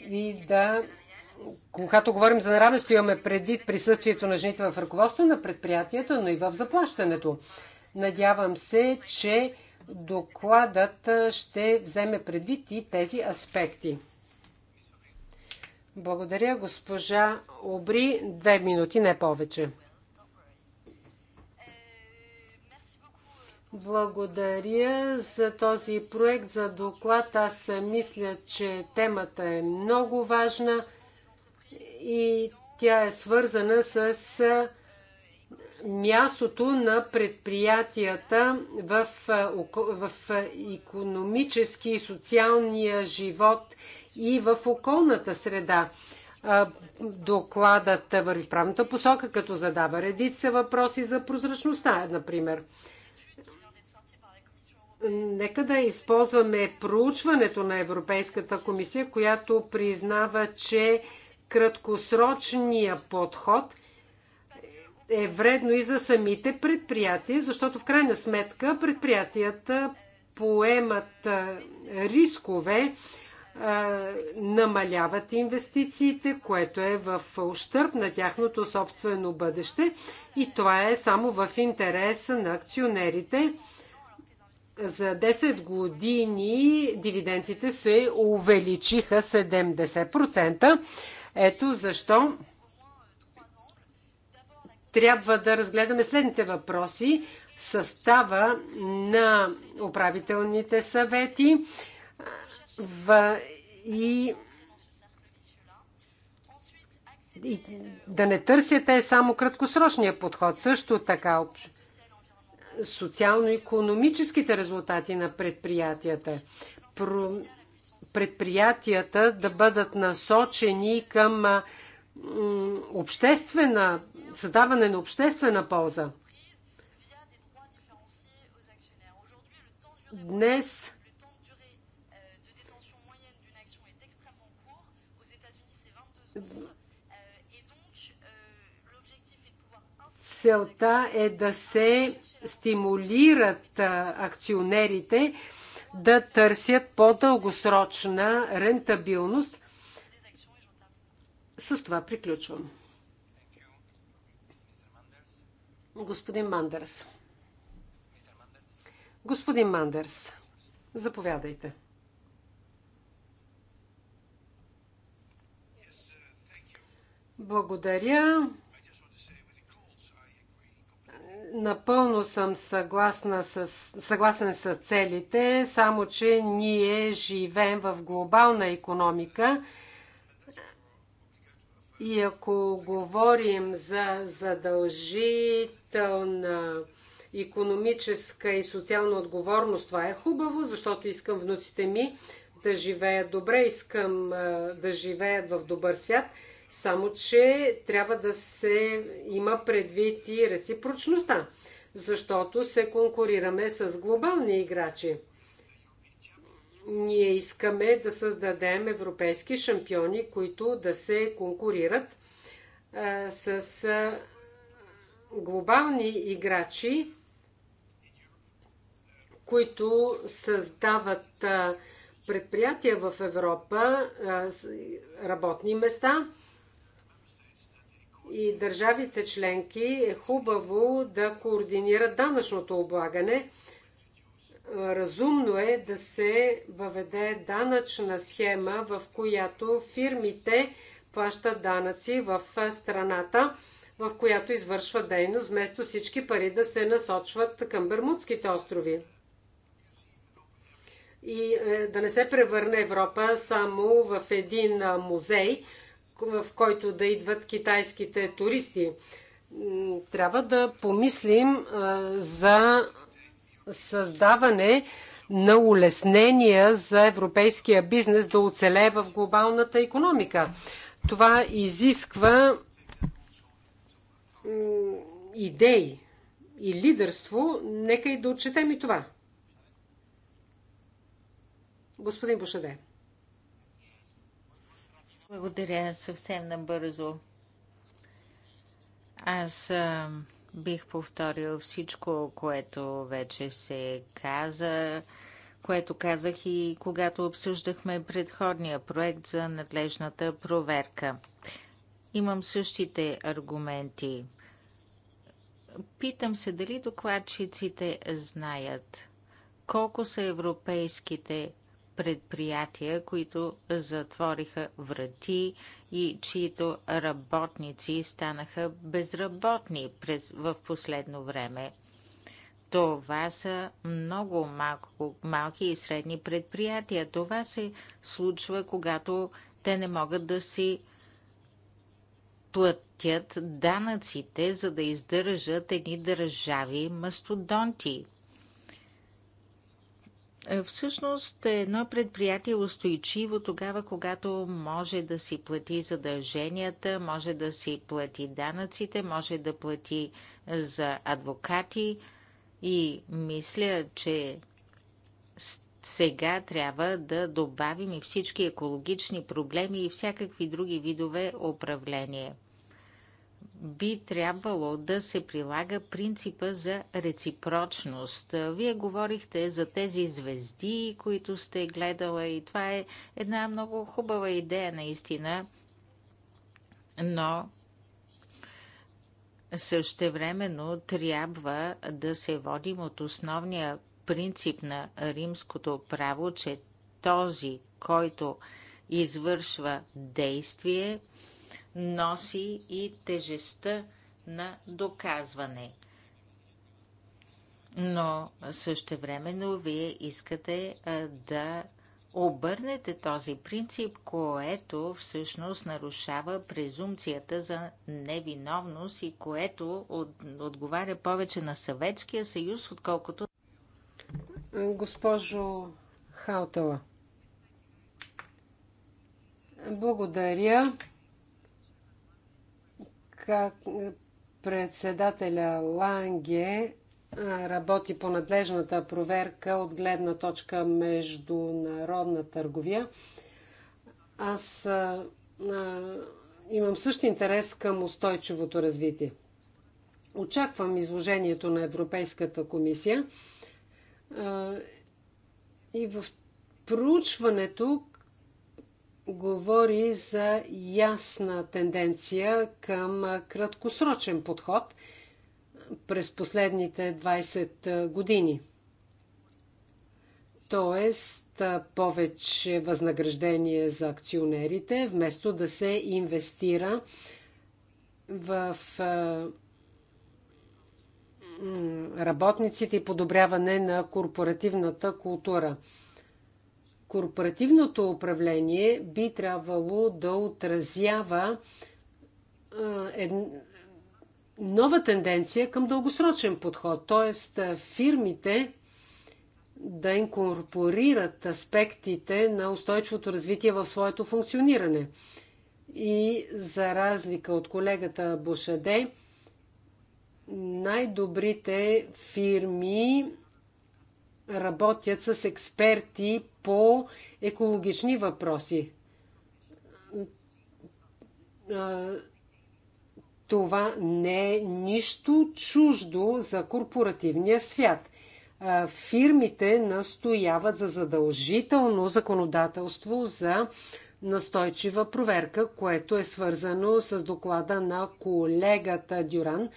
[SPEAKER 3] и да когато говорим за неравенство, имаме предвид присъствието на жените в ръководство на предприятията, но и в заплащането. Надявам се, че докладът е, ще вземе предвид и тези аспекти. Благодаря, госпожа Обри. Две минути, не повече. Благодаря за този проект, за доклад. Аз мисля, че темата е много важна и тя е свързана с мястото на предприятията в, в економически и социалния живот и в околната среда. Докладът върви в правната посока, като задава редица въпроси за прозрачността, например. Нека да използваме проучването на Европейската комисия, която признава, че краткосрочния подход е вредно и за самите предприятия, защото в крайна сметка предприятията поемат рискове намаляват инвестициите, което е в ущърп на тяхното собствено бъдеще и това е само в интерес на акционерите. За 10 години дивидендите се увеличиха 70%. Ето защо трябва да разгледаме следните въпроси. Състава на управителните съвети, в, и, и да не е само краткосрочния подход. Също така социално-економическите резултати на предприятията. Про, предприятията да бъдат насочени към обществена, създаване на обществена полза. Днес целта е да се стимулират акционерите да търсят по-дългосрочна рентабилност. С това приключвам. Господин Мандърс. Господин Мандърс, заповядайте. Благодаря. Напълно съм съгласна с, съгласен с целите, само че ние живеем в глобална економика и ако говорим за задължителна економическа и социална отговорност, това е хубаво, защото искам внуците ми да живеят добре, искам да живеят в добър свят – само, че трябва да се има предвид и реципрочността, защото се конкурираме с глобални играчи. Ние искаме да създадем европейски шампиони, които да се конкурират а, с а, глобални играчи, които създават а, предприятия в Европа, работни места – и държавите членки е хубаво да координират данъчното облагане. Разумно е да се въведе данъчна схема, в която фирмите плащат данъци в страната, в която извършва дейност, вместо всички пари да се насочват към Бермудските острови. И е, да не се превърне Европа само в един музей, в който да идват китайските туристи. Трябва да помислим за създаване на улеснения за европейския бизнес да оцелее в глобалната економика. Това изисква идеи и лидерство. Нека и да отчетем и това.
[SPEAKER 2] Господин Бошаде. Благодаря съвсем набързо. Аз а, бих повторил всичко, което вече се каза, което казах и когато обсъждахме предходния проект за надлежната проверка. Имам същите аргументи. Питам се дали докладчиците знаят колко са европейските предприятия, които затвориха врати и чието работници станаха безработни през, в последно време. Това са много малко, малки и средни предприятия. Това се случва, когато те не могат да си платят данъците, за да издържат едни държави мастодонти – е, всъщност едно предприятие е устойчиво тогава, когато може да си плати задълженията, може да си плати данъците, може да плати за адвокати и мисля, че сега трябва да добавим и всички екологични проблеми и всякакви други видове управление – би трябвало да се прилага принципа за реципрочност. Вие говорихте за тези звезди, които сте гледала и това е една много хубава идея наистина, но същевременно трябва да се водим от основния принцип на римското право, че този, който извършва действие – носи и тежестта на доказване. Но същевременно вие искате да обърнете този принцип, което всъщност нарушава презумцията за невиновност и което от, отговаря повече на Съветския съюз, отколкото. Госпожо Хаутала,
[SPEAKER 3] благодаря така председателя Ланге работи по надлежната проверка от гледна точка международна търговия. Аз а, имам същ интерес към устойчивото развитие. Очаквам изложението на Европейската комисия а, и в проучването говори за ясна тенденция към краткосрочен подход през последните 20 години. Тоест, повече възнаграждение за акционерите, вместо да се инвестира в работниците и подобряване на корпоративната култура корпоративното управление би трябвало да отразява е, нова тенденция към дългосрочен подход, т.е. фирмите да инкорпорират аспектите на устойчивото развитие в своето функциониране. И за разлика от колегата Бушаде, най-добрите фирми работят с експерти по екологични въпроси. Това не е нищо чуждо за корпоративния свят. Фирмите настояват за задължително законодателство за настойчива проверка, което е свързано с доклада на колегата Дюран.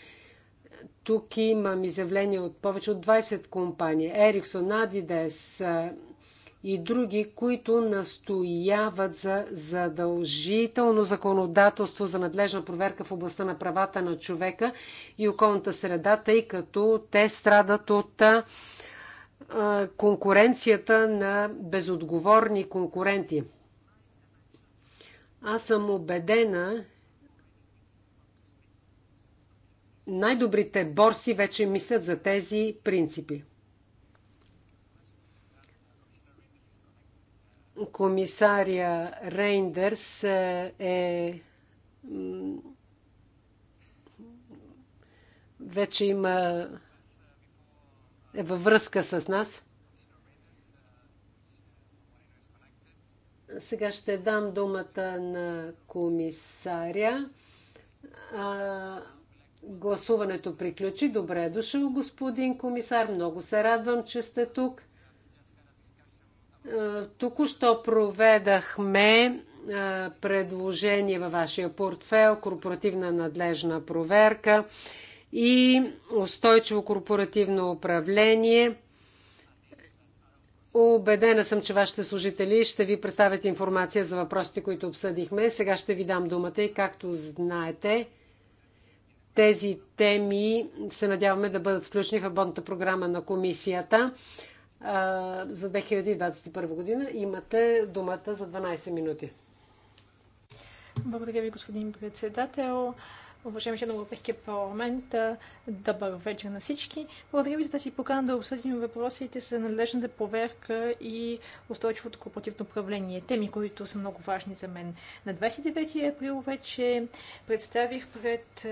[SPEAKER 3] Тук имам изявление от повече от 20 компании. Ericsson, Adidas, и други, които настояват за задължително законодателство за надлежна проверка в областта на правата на човека и околната среда, тъй като те страдат от конкуренцията на безотговорни конкуренти. Аз съм убедена, най-добрите борси вече мислят за тези принципи. комисария Рейндърс е, е вече има е във връзка с нас. Сега ще дам думата на комисаря. А, гласуването приключи. Добре е дошъл, господин комисар. Много се радвам, че сте тук. Е, току-що проведахме е, предложение във вашия портфел, корпоративна надлежна проверка и устойчиво корпоративно управление. Обедена съм, че вашите служители ще ви представят информация за въпросите, които обсъдихме. Сега ще ви дам думата и както знаете, тези теми се надяваме да бъдат включени в работната програма на комисията за 2021 година.
[SPEAKER 4] Имате
[SPEAKER 3] думата за 12 минути.
[SPEAKER 4] Благодаря ви, господин председател уважаеми член на Европейския парламент. Добър вечер на всички. Благодаря ви за тази покана да обсъдим въпросите за надлежната проверка и устойчивото корпоративно управление. Теми, които са много важни за мен. На 29 април вече представих пред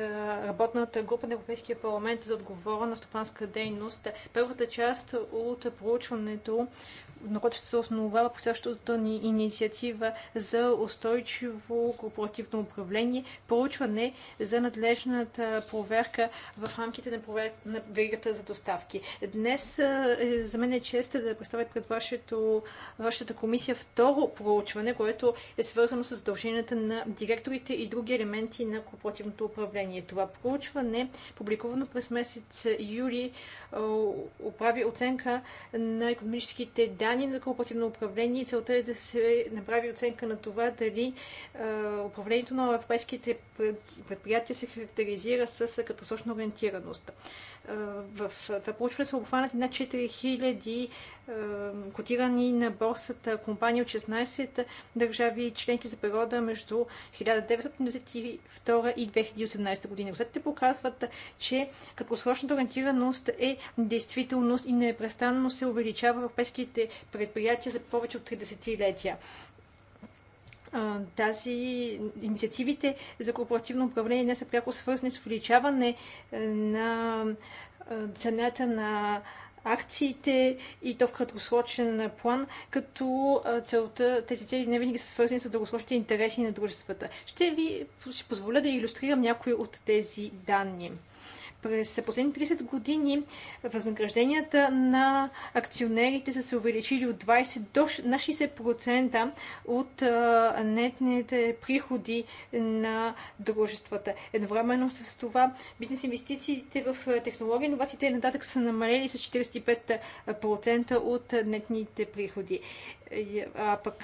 [SPEAKER 4] работната група на Европейския парламент за отговора на стопанска дейност първата част от проучването, на което ще се основава същото ни инициатива за устойчиво корпоративно управление, проучване за надлежната проверка в рамките на, проверка, на веригата за доставки. Днес е, за мен е чест да представя пред вашето, вашата комисия второ проучване, което е свързано с задълженията на директорите и други елементи на корпоративното управление. Това проучване, публикувано през месец юли, прави оценка на економическите данни на корпоративно управление. Целта е да се направи оценка на това дали управлението на европейските предприятия проекти се характеризира с краткосрочна ориентираност. В това проучване са обхванати над 4000 котирани на борсата компании от 16 държави и членки за периода между 1992 и 2018 година. Резултатите показват, че краткосрочната ориентираност е действителност и непрестанно се увеличава в европейските предприятия за повече от 30 летия тази инициативите за корпоративно управление не са пряко свързани с увеличаване е, на е, цената на акциите и то в краткосрочен план, като е, целта, тези цели не винаги са свързани с дългосрочните интереси на дружествата. Ще ви ще позволя да иллюстрирам някои от тези данни. През последните 30 години възнагражденията на акционерите са се увеличили от 20 до на 60% от нетните приходи на дружествата. Едновременно с това бизнес инвестициите в технологии, и и нататък са намалели с 45% от нетните приходи. А пък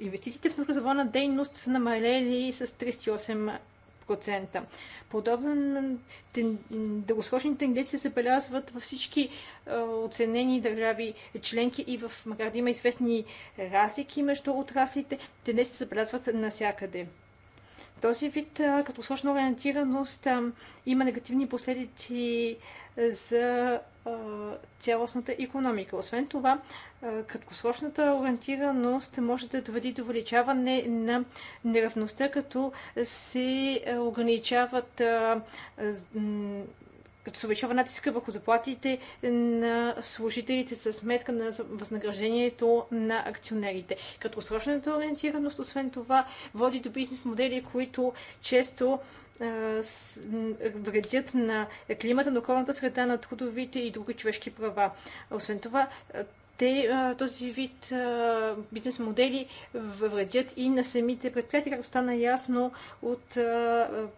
[SPEAKER 4] инвестициите в научно-заводна дейност са намалели с 38% процента. Подобно тен... дългосрочни тенденции се белязват във всички е, оценени държави членки и в, макар да има известни разлики между отраслите, тенденции се белязват навсякъде. Този вид като сложна ориентираност има негативни последици за цялостната економика. Освен това, краткосрочната ориентираност може да доведи до увеличаване на неравността, като се ограничават като се увеличава натиска върху заплатите на служителите за сметка на възнаграждението на акционерите. Като срочната ориентираност, освен това, води до бизнес модели, които често вредят на климата, на околната среда, на трудовите и други човешки права. Освен това, те, този вид бизнес модели вредят и на самите предприятия, както стана ясно от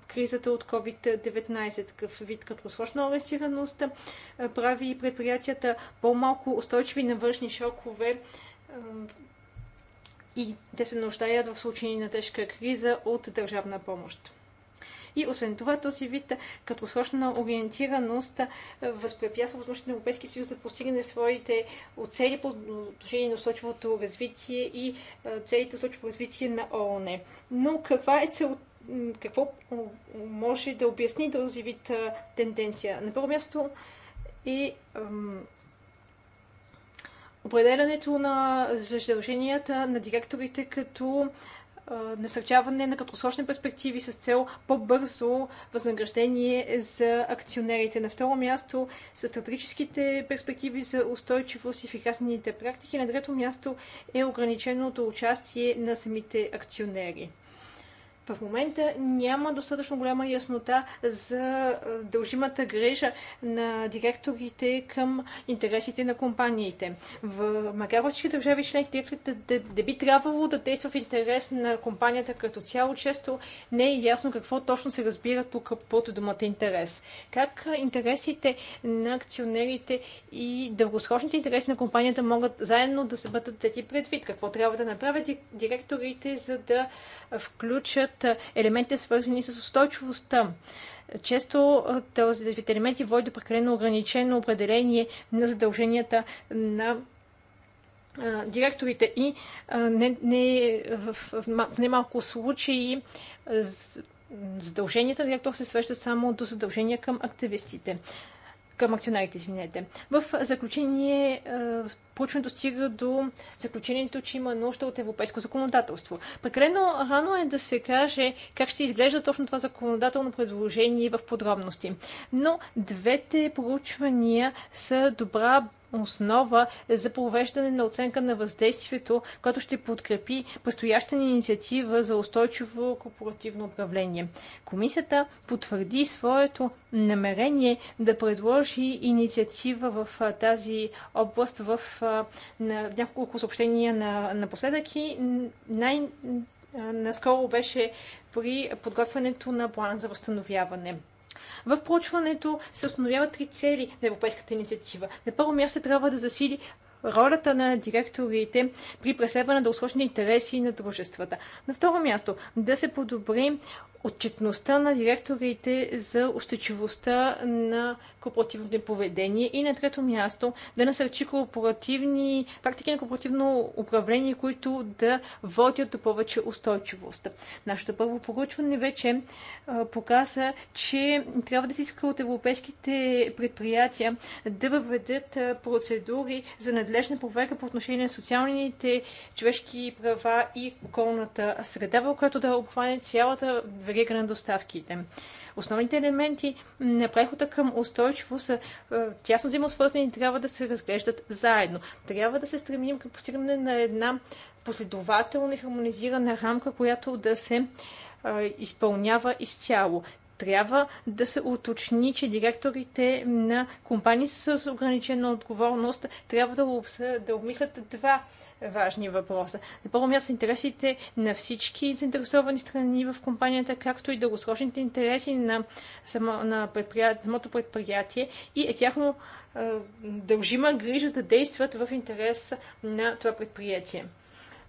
[SPEAKER 4] кризата от COVID-19. Такъв вид краткосрочна ориентираност прави предприятията по-малко устойчиви на външни шокове и те се нуждаят в случай на тежка криза от държавна помощ. И освен това, този вид краткосрочна ориентираност е, възпрепятства възможността на Европейския съюз да постигне своите цели по отношение на устойчивото развитие и е, целите устойчиво развитие на ООН. Но каква е целта? Какво може да обясни този вид е, тенденция? На първо място е определянето на задълженията на директорите като насърчаване на краткосрочни перспективи с цел по-бързо възнаграждение за акционерите. На второ място са стратегическите перспективи за устойчивост и ефикасните практики. На трето място е ограниченото участие на самите акционери. В момента няма достатъчно голяма яснота за дължимата грежа на директорите към интересите на компаниите. В, макар във всички държави членки, директорите да, да би трябвало да действа в интерес на компанията като цяло, често не е ясно какво точно се разбира тук под думата интерес. Как интересите на акционерите и дългосрочните интереси на компанията могат заедно да се бъдат взети предвид? Какво трябва да направят директорите, за да включат включват елементи, свързани с устойчивостта. Често този вид елементи води до прекалено ограничено определение на задълженията на директорите и не, не, в, в немалко случаи задълженията на директор се свежда само до задължения към активистите към акционарите, извинете. В заключение, е, проучването стига до заключението, че има нужда от европейско законодателство. Прекалено рано е да се каже как ще изглежда точно това законодателно предложение в подробности. Но двете проучвания са добра основа за провеждане на оценка на въздействието, което ще подкрепи предстояща ни инициатива за устойчиво корпоративно управление. Комисията потвърди своето намерение да предложи инициатива в тази област в на няколко съобщения на, напоследък и най- наскоро беше при подготвянето на плана за възстановяване. В проучването се установяват три цели на Европейската инициатива. На първо място трябва да засили ролята на директорите при преследване на дългосрочни интереси на дружествата. На второ място, да се подобри отчетността на директорите за устойчивостта на корпоративното поведение и на трето място да насърчи корпоративни практики на корпоративно управление, които да водят до повече устойчивост. Нашето първо поручване вече показа, че трябва да се иска от европейските предприятия да въведат процедури за надлежна проверка по отношение на социалните, човешки права и околната среда, в която да обхване цялата верига на доставките. Основните елементи на прехода към устойчиво са е, тясно взаимосвързани и трябва да се разглеждат заедно. Трябва да се стремим към постигане на една последователна и хармонизирана рамка, която да се е, изпълнява изцяло трябва да се уточни, че директорите на компании с ограничена отговорност трябва да, обсъ... да обмислят два важни въпроса. На първо място интересите на всички заинтересовани страни в компанията, както и дългосрочните интереси на, само, на предприят... самото предприятие и е тяхно дължима грижа да действат в интерес на това предприятие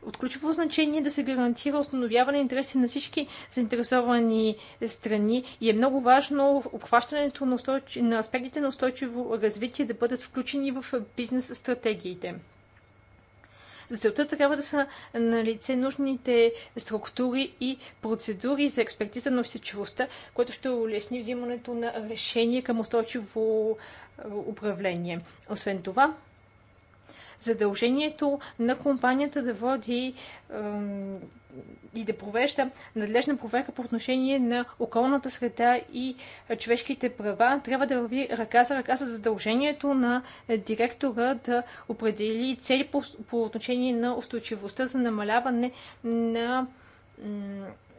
[SPEAKER 4] от ключово значение е да се гарантира установяване на интереси на всички заинтересовани страни и е много важно обхващането на, устойч... на аспектите на устойчиво развитие да бъдат включени в бизнес стратегиите. За целта трябва да са налице нужните структури и процедури за експертиза на усечивостта, което ще улесни взимането на решение към устойчиво управление. Освен това, задължението на компанията да води и да провежда надлежна проверка по отношение на околната среда и човешките права, трябва да върви ръка за ръка с задължението на директора да определи цели по, по отношение на устойчивостта за намаляване на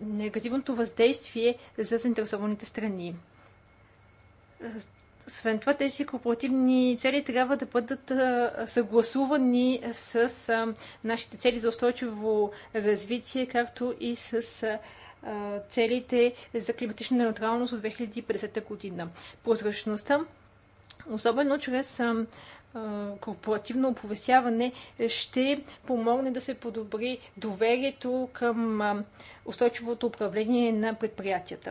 [SPEAKER 4] негативното въздействие за заинтересованите страни. Освен това, тези корпоративни цели трябва да бъдат съгласувани с нашите цели за устойчиво развитие, както и с целите за климатична неутралност от 2050 година. Прозрачността, особено чрез корпоративно оповесяване ще помогне да се подобри доверието към устойчивото управление на предприятията.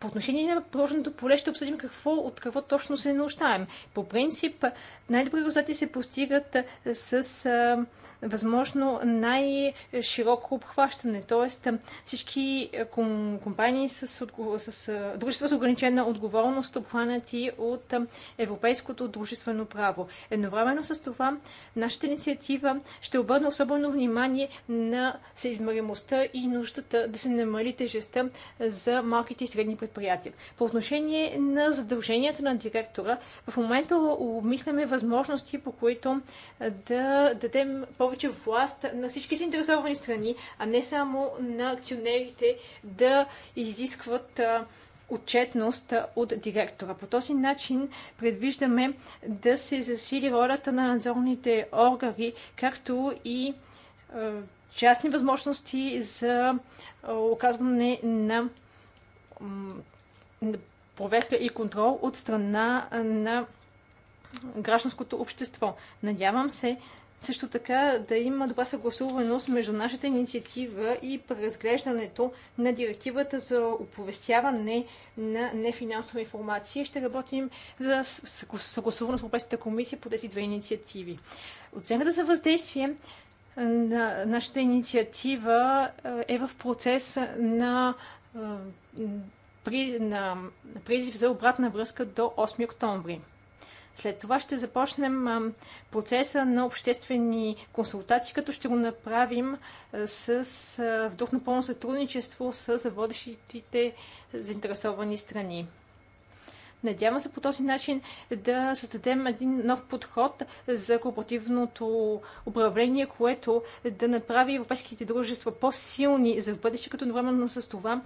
[SPEAKER 4] По отношение на приложеното поле ще обсъдим какво, от какво точно се нуждаем. По принцип, най-добри резултати се постигат с а, възможно най-широко обхващане. Тоест всички ком, компании с, с, с дружества с ограничена отговорност обхванати от европейското дружествено право. Едновременно с това нашата инициатива ще обърне особено внимание на съизмеримостта и нуждата да се намали тежестта за малките и средни предприятия предприятия. По отношение на задълженията на директора, в момента обмисляме възможности, по които да дадем повече власт на всички заинтересовани страни, а не само на акционерите да изискват отчетност от директора. По този начин предвиждаме да се засили ролята на надзорните органи, както и частни възможности за оказване на проверка и контрол от страна на гражданското общество. Надявам се също така да има добра съгласуваност между нашата инициатива и преразглеждането на директивата за оповестяване на нефинансова информация. Ще работим за съгласуваност в Европейската комисия по тези две инициативи. Оценката за въздействие на нашата инициатива е в процес на на, на призив за обратна връзка до 8 октомври. След това ще започнем процеса на обществени консултации, като ще го направим с в дух на пълно сътрудничество с водещите заинтересовани страни. Надявам се по този начин да създадем един нов подход за корпоративното управление, което да направи европейските дружества по-силни за бъдеще, като едновременно с това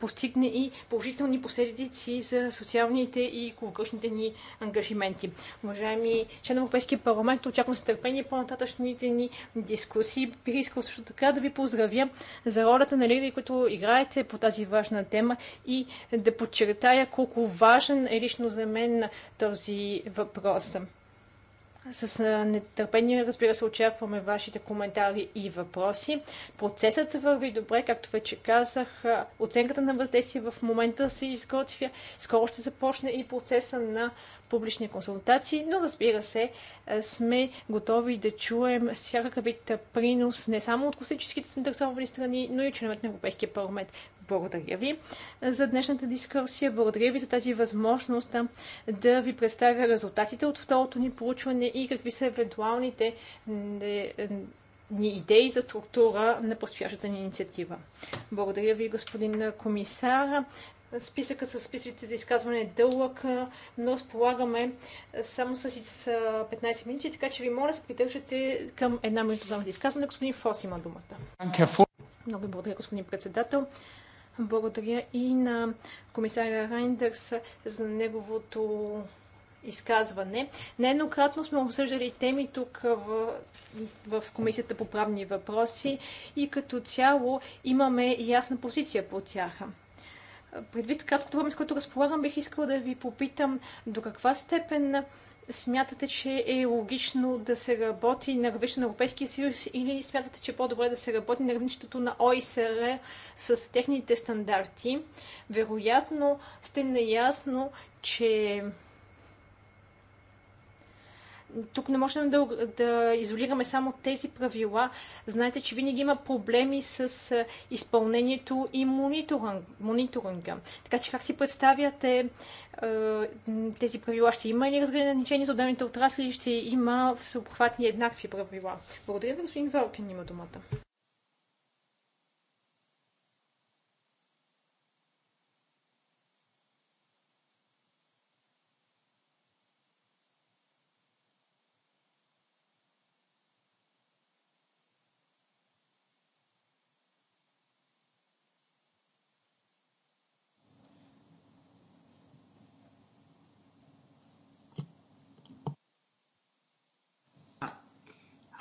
[SPEAKER 4] постигне и положителни последици за социалните и екологичните ни ангажименти. Уважаеми член на Европейския парламент, очаквам с търпение по-нататъчните ни дискусии. Бих искал също така да ви поздравя за ролята на лидери, които играете по тази важна тема и да подчертая колко важно важен е лично за мен този въпрос. С нетърпение, разбира се, очакваме вашите коментари и въпроси. Процесът върви добре, както вече казах. Оценката на въздействие в момента се изготвя. Скоро ще започне и процеса на публични консултации, но разбира се, сме готови да чуем всякакъв вид принос не само от класическите централни страни, но и членовете на Европейския парламент. Благодаря ви за днешната дискусия. Благодаря ви за тази възможност да ви представя резултатите от второто ни проучване и какви са евентуалните е, е, ни идеи за структура на предстоящата ни инициатива. Благодаря ви, господин комисар. Списъкът с списъците за изказване е дълъг, но разполагаме само с 15 минути, така че ви моля да се придържате към една минута за изказване. Господин Фос има думата. Много благодаря, господин председател. Благодаря и на комисаря Рейндърс за неговото изказване. Нееднократно сме обсъждали теми тук в, в Комисията по правни въпроси и като цяло имаме ясна позиция по тях. Предвид краткото време, с което разполагам, бих искала да ви попитам до каква степен смятате, че е логично да се работи на равнището на Европейския съюз или смятате, че е по-добре да се работи на равнището на ОИСР с техните стандарти? Вероятно сте наясно, че тук не можем да, да изолираме само тези правила. Знаете, че винаги има проблеми с изпълнението и мониторинг, мониторинга. Така че как си представяте тези правила? Ще има ли разграничени за отделните отрасли? Ще има всеобхватни еднакви правила? Благодаря ви, господин Валкин, има думата.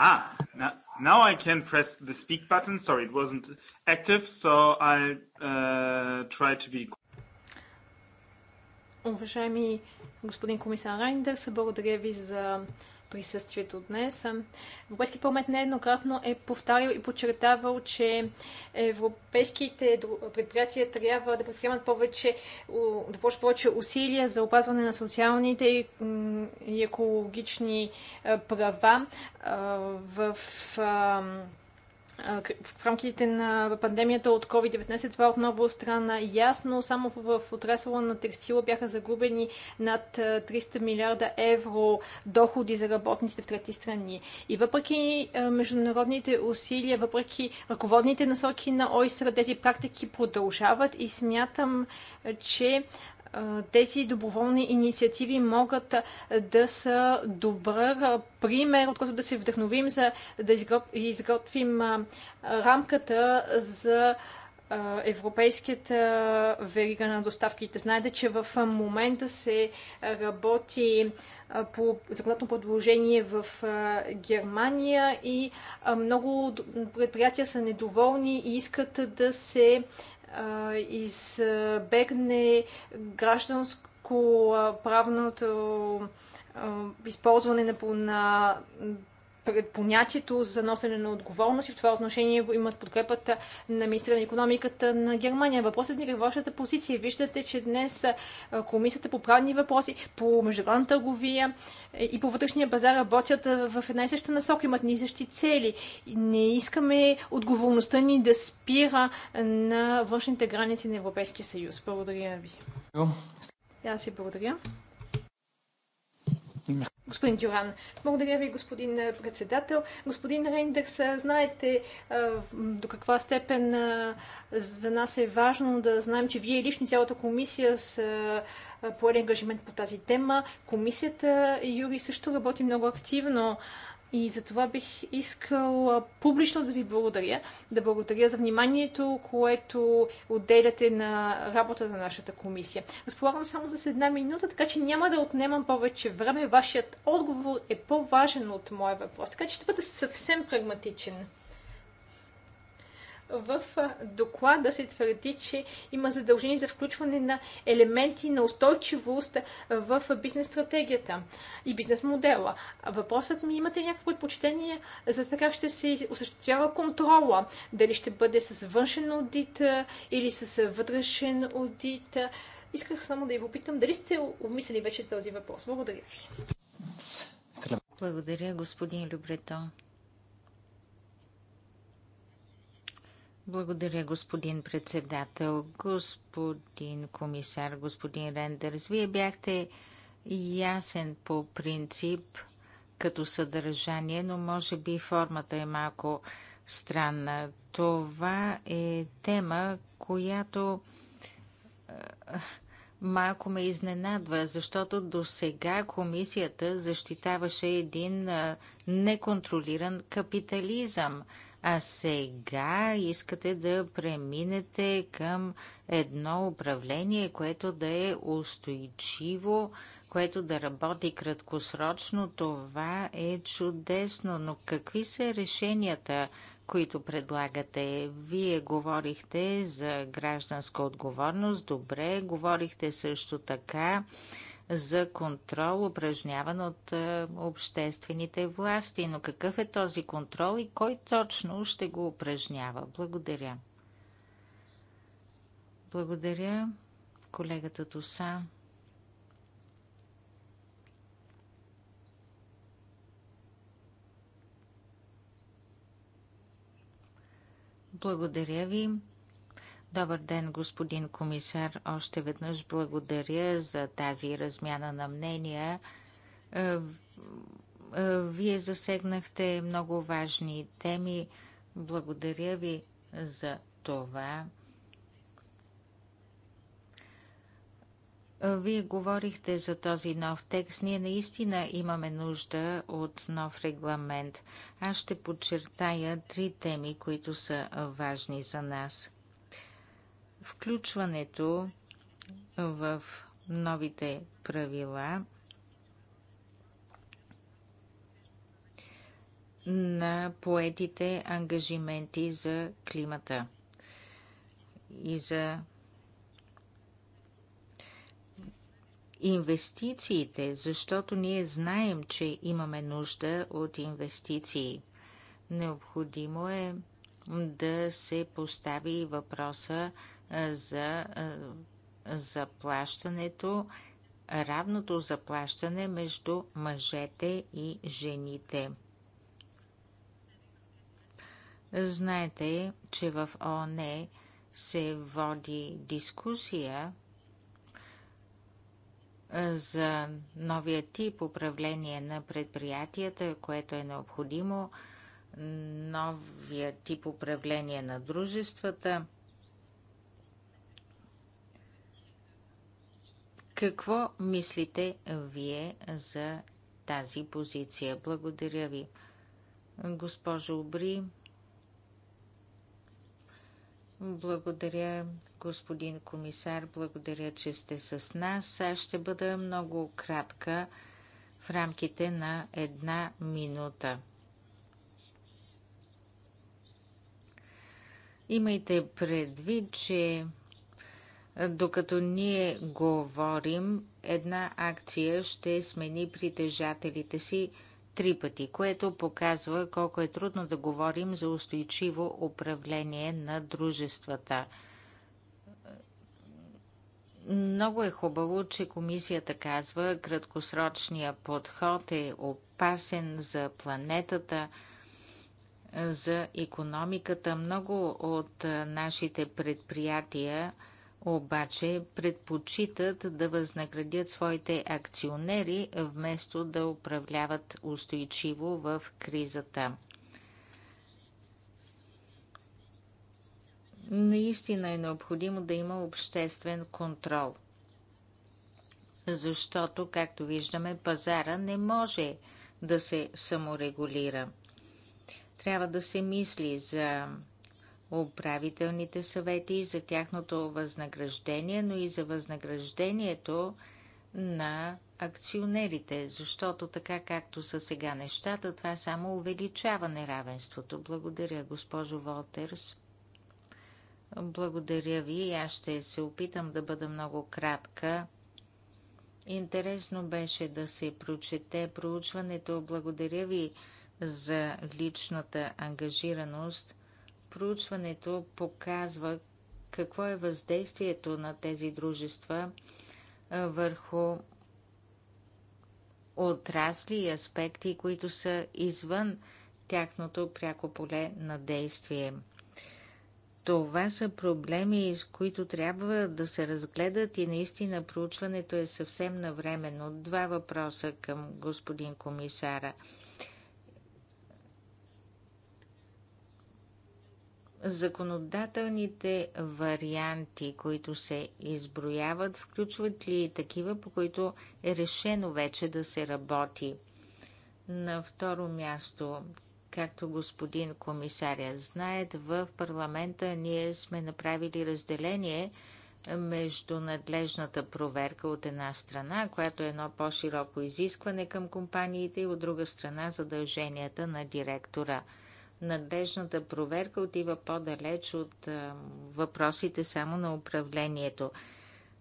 [SPEAKER 2] Ah, now, now I can press the speak button. Sorry, it wasn't active, so I uh, try to be.
[SPEAKER 4] Уважаеми господин комисар Райндърс, благодаря ви за присъствието днес. Европейски парламент нееднократно е повтарял и подчертавал, че европейските предприятия трябва да предприемат повече, да повече усилия за опазване на социалните и екологични права в в рамките на пандемията от COVID-19. Това е отново страна ясно. Само в отрасъла на текстила бяха загубени над 300 милиарда евро доходи за работниците в трети страни. И въпреки международните усилия, въпреки ръководните насоки на ОИСР, тези практики продължават и смятам, че тези доброволни инициативи могат да са добър пример, от който да се вдъхновим за да изготвим рамката за европейският верига на доставките. Знаете, че в момента се работи по законодателно предложение в Германия и много предприятия са недоволни и искат да се избегне гражданско правното използване на, понятието за носене на отговорност и в това отношение имат подкрепата на министра на економиката на Германия. Въпросът ми е, е вашата позиция. Виждате, че днес Комисията по правни въпроси, по международна търговия е, и по вътрешния базар работят в една и съща насока, имат ни същи цели. Не искаме отговорността ни да спира на външните граници на Европейския съюз. Благодаря ви. Аз ви благодаря. Господин Дюран. Благодаря ви, господин председател. Господин Рейндърс, знаете до каква степен за нас е важно да знаем, че вие лично цялата комисия с поели ангажимент по тази тема. Комисията и Юри също работи много активно и за това бих искал публично да ви благодаря. Да благодаря за вниманието, което отделяте на работата на нашата комисия. Разполагам само с една минута, така че няма да отнемам повече време. Вашият отговор е по-важен от моя въпрос. Така че ще бъде съвсем прагматичен в доклада се твърди, че има задължение за включване на елементи на устойчивост в бизнес стратегията и бизнес модела. Въпросът ми, имате някакво предпочитание за това как ще се осъществява контрола? Дали ще бъде с външен аудит или с вътрешен аудит? Исках само да ви попитам дали сте обмислили вече този въпрос. Благодаря ви.
[SPEAKER 2] Благодаря, господин Любретон. Благодаря, господин председател, господин комисар, господин Рендърс. Вие бяхте ясен по принцип като съдържание, но може би формата е малко странна. Това е тема, която е, малко ме изненадва, защото до сега комисията защитаваше един е, неконтролиран капитализъм – а сега искате да преминете към едно управление, което да е устойчиво, което да работи краткосрочно. Това е чудесно, но какви са решенията, които предлагате? Вие говорихте за гражданска отговорност, добре, говорихте също така за контрол, упражняван от е, обществените власти. Но какъв е този контрол и кой точно ще го упражнява? Благодаря. Благодаря, колегата Туса. Благодаря ви. Добър ден, господин комисар. Още веднъж благодаря за тази размяна на мнения. Е, е, вие засегнахте много важни теми. Благодаря ви за това. Вие говорихте за този нов текст. Ние наистина имаме нужда от нов регламент. Аз ще подчертая три теми, които са важни за нас. Включването в новите правила на поетите ангажименти за климата и за инвестициите, защото ние знаем, че имаме нужда от инвестиции. Необходимо е да се постави въпроса за е, заплащането, равното заплащане между мъжете и жените. Знаете, че в ООН се води дискусия е, за новия тип управление на предприятията, което е необходимо, новия тип управление на дружествата – Какво мислите вие за тази позиция? Благодаря ви, госпожо Обри. Благодаря, господин комисар. Благодаря, че сте с нас. Аз ще бъда много кратка в рамките на една минута. Имайте предвид, че докато ние говорим, една акция ще смени притежателите си три пъти, което показва колко е трудно да говорим за устойчиво управление на дружествата. Много е хубаво, че комисията казва, краткосрочният подход е опасен за планетата, за економиката. Много от нашите предприятия – обаче предпочитат да възнаградят своите акционери, вместо да управляват устойчиво в кризата. Наистина е необходимо да има обществен контрол, защото, както виждаме, пазара не може да се саморегулира. Трябва да се мисли за управителните съвети, и за тяхното възнаграждение, но и за възнаграждението на акционерите, защото така както са сега нещата, това само увеличава неравенството. Благодаря, госпожо Волтерс. Благодаря ви. Аз ще се опитам да бъда много кратка. Интересно беше да се прочете проучването. Благодаря ви за личната ангажираност – Проучването показва какво е въздействието на тези дружества върху отрасли и аспекти, които са извън тяхното пряко поле на действие. Това са проблеми, с които трябва да се разгледат и наистина проучването е съвсем навременно. Два въпроса към господин комисара – Законодателните варианти, които се изброяват, включват ли такива, по които е решено вече да се работи? На второ място, както господин комисаря знаят, в парламента ние сме направили разделение между надлежната проверка от една страна, която е едно по-широко изискване към компаниите и от друга страна задълженията на директора – надежната проверка отива по-далеч от въпросите само на управлението.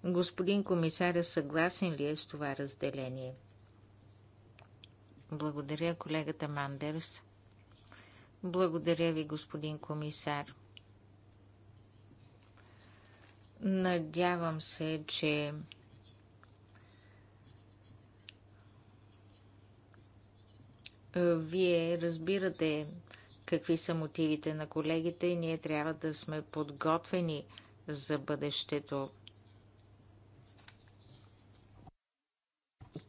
[SPEAKER 2] Господин комисаря, съгласен ли е с това разделение? Благодаря, колегата Мандерс. Благодаря ви, господин комисар. Надявам се, че вие разбирате какви са мотивите на колегите и ние трябва да сме подготвени за бъдещето.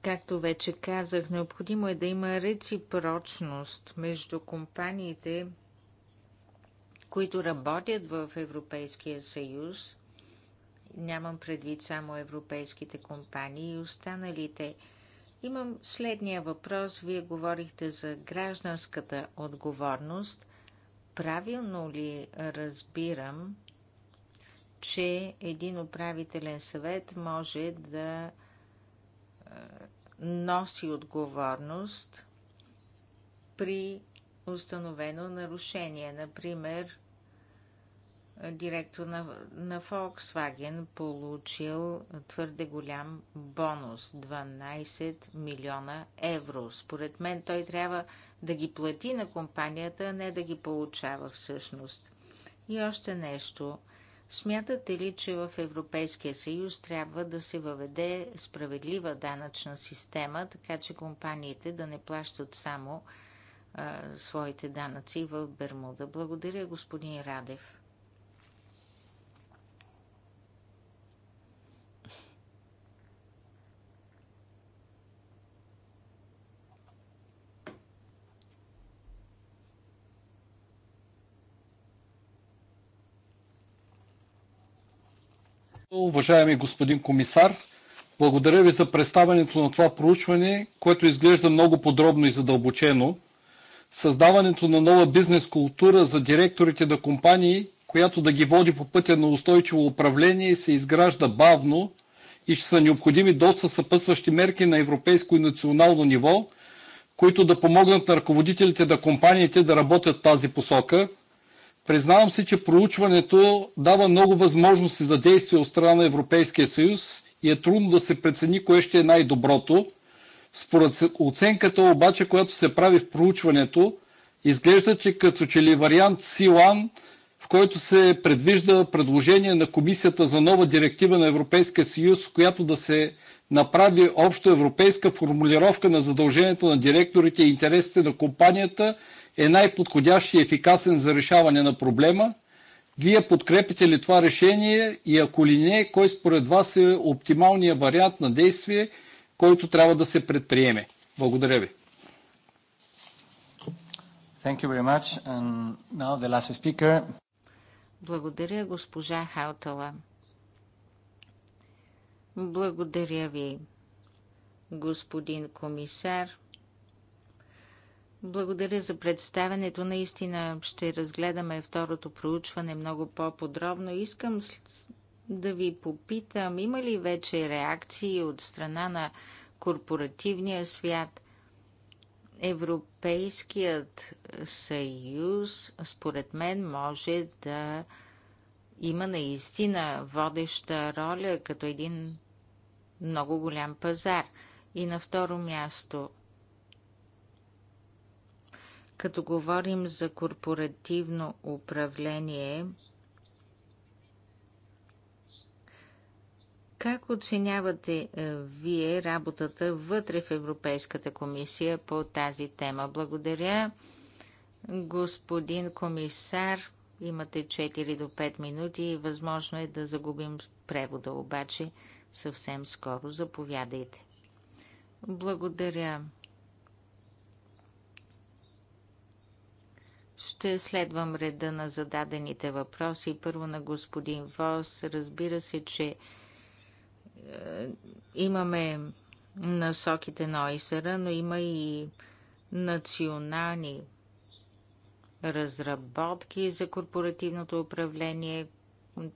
[SPEAKER 2] Както вече казах, необходимо е да има реципрочност между компаниите, които работят в Европейския съюз. Нямам предвид само европейските компании и останалите компании Имам следния въпрос. Вие говорихте за гражданската отговорност. Правилно ли разбирам, че един управителен съвет може да носи отговорност при установено нарушение, например директор на, на Volkswagen получил твърде голям бонус 12 милиона евро. Според мен той трябва да ги плати на компанията, а не да ги получава всъщност. И още нещо. Смятате ли, че в Европейския съюз трябва да се въведе справедлива данъчна система, така че компаниите да не плащат само а, своите данъци в Бермуда? Благодаря, господин Радев.
[SPEAKER 1] уважаеми господин комисар. Благодаря ви за представянето на това проучване, което изглежда много подробно и задълбочено. Създаването на нова бизнес култура за директорите на компании, която да ги води по пътя на устойчиво управление, се изгражда бавно и ще са необходими доста съпътстващи мерки на европейско и национално ниво, които да помогнат на ръководителите на компаниите да работят в тази посока – Признавам се, че проучването дава много възможности за действие от страна на Европейския съюз и е трудно да се прецени кое ще е най-доброто. Според оценката обаче, която се прави в проучването, изглежда, че като че ли вариант C1, в който се предвижда предложение на Комисията за нова директива на Европейския съюз, която да се направи общо европейска формулировка на задълженията на директорите и интересите на компанията – е най-подходящ и ефикасен за решаване на проблема? Вие подкрепите ли това решение и ако ли не, кой според вас е оптималният вариант на действие, който трябва да се предприеме? Благодаря ви. Thank you very much. And now the last speaker.
[SPEAKER 2] Благодаря, госпожа Хаутала. Благодаря ви, господин комисар. Благодаря за представенето. Наистина ще разгледаме второто проучване много по-подробно. Искам да ви попитам, има ли вече реакции от страна на корпоративния свят? Европейският съюз, според мен, може да има наистина водеща роля като един много голям пазар. И на второ място – като говорим за корпоративно управление, Как оценявате е, вие работата вътре в Европейската комисия по тази тема? Благодаря. Господин комисар, имате 4 до 5 минути. Възможно е да загубим превода, обаче съвсем скоро. Заповядайте. Благодаря. Ще следвам реда на зададените въпроси. Първо на господин Вос. Разбира се, че е, имаме насоките на ОИСРА, но има и национални разработки за корпоративното управление.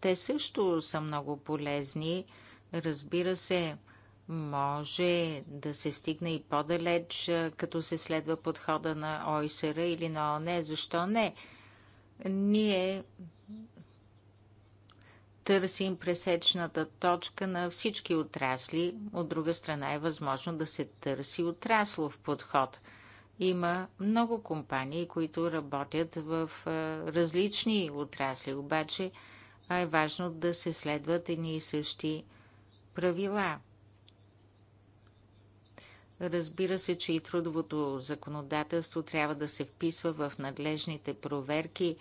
[SPEAKER 2] Те също са много полезни. Разбира се, може да се стигне и по-далеч, като се следва подхода на ОИСР или на ОНЕ. Защо не? Ние търсим пресечната точка на всички отрасли. От друга страна е възможно да се търси отраслов подход. Има много компании, които работят в различни отрасли, обаче е важно да се следват едни и същи правила. Разбира се, че и трудовото законодателство трябва да се вписва в надлежните проверки,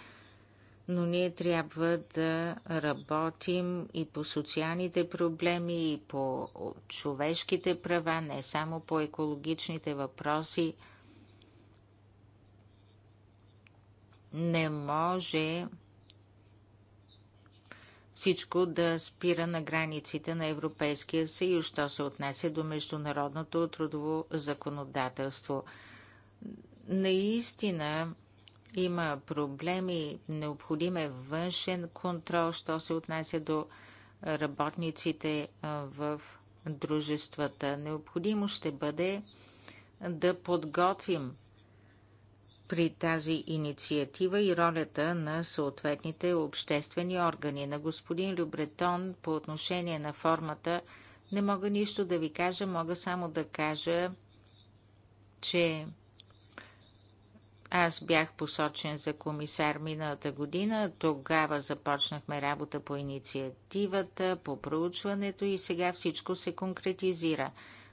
[SPEAKER 2] но ние трябва да работим и по социалните проблеми, и по човешките права, не само по екологичните въпроси. Не може всичко да спира на границите на Европейския съюз, що се отнася до международното трудово законодателство. Наистина има проблеми, необходим е външен контрол, що се отнася до работниците в дружествата. Необходимо ще бъде да подготвим при тази инициатива и ролята на съответните обществени органи. На господин Любретон по отношение на формата не мога нищо да ви кажа, мога само да кажа, че аз бях посочен за комисар миналата година. Тогава започнахме работа по инициативата, по проучването и сега всичко се конкретизира.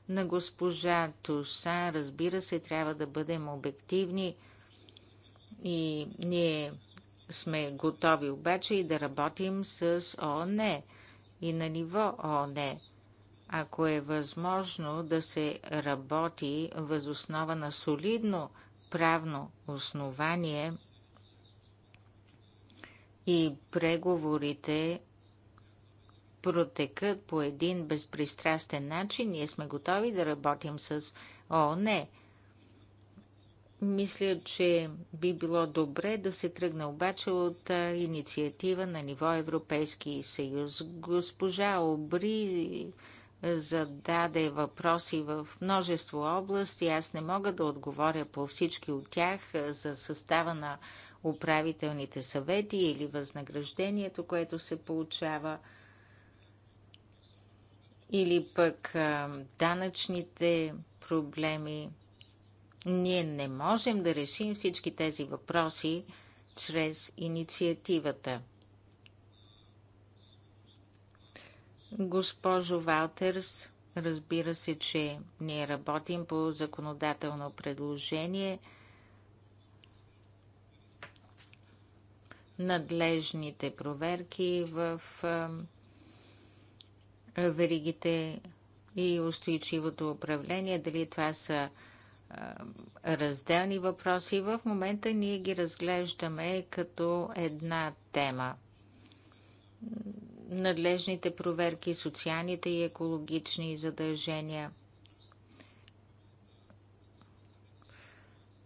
[SPEAKER 2] На госпожа Туса, разбира се, трябва да бъдем обективни – и ние сме готови обаче и да работим с ООН и на ниво ООН. Ако е възможно да се работи възоснова на солидно правно основание и преговорите протекат по един безпристрастен начин, ние сме готови да работим с ООН. Мисля, че би било добре да се тръгне обаче от инициатива на ниво Европейски съюз. Госпожа Обри зададе въпроси в множество области. Аз не мога да отговоря по всички от тях за състава на управителните съвети или възнаграждението, което се получава или пък данъчните проблеми. Ние не можем да решим всички тези въпроси чрез инициативата. Госпожо Валтерс, разбира се, че ние работим по законодателно предложение. Надлежните проверки в веригите и устойчивото управление, дали това са разделни въпроси. В момента ние ги разглеждаме като една тема. Надлежните проверки, социалните и екологични задължения.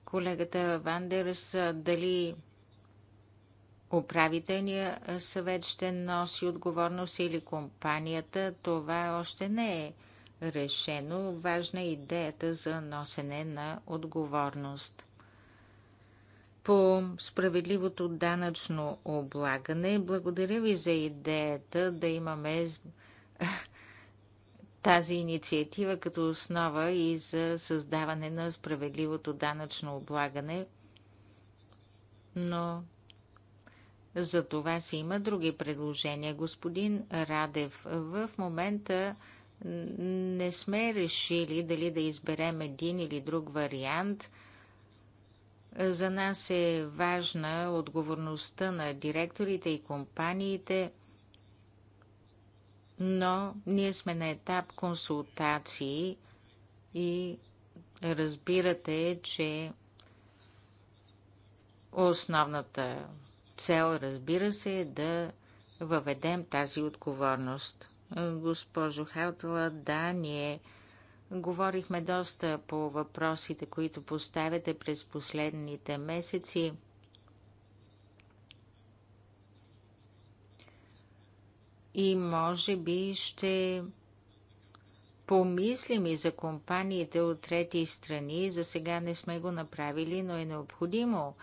[SPEAKER 2] Колегата Вандерс, дали управителния съвет ще носи отговорност или компанията, това още не е решено. Важна е идеята за носене на отговорност. По справедливото данъчно облагане, благодаря ви за идеята да имаме тази инициатива като основа и за създаване на справедливото данъчно облагане, но за това си има други предложения. Господин Радев, в момента не сме решили дали да изберем един или друг вариант. За нас е важна отговорността на директорите и компаниите, но ние сме на етап консултации и разбирате, че основната цел, разбира се, е да въведем тази отговорност госпожо Хаутала. Да, ние говорихме доста по въпросите, които поставяте през последните месеци. И може би ще помислим и за компаниите от трети страни. За сега не сме го направили, но е необходимо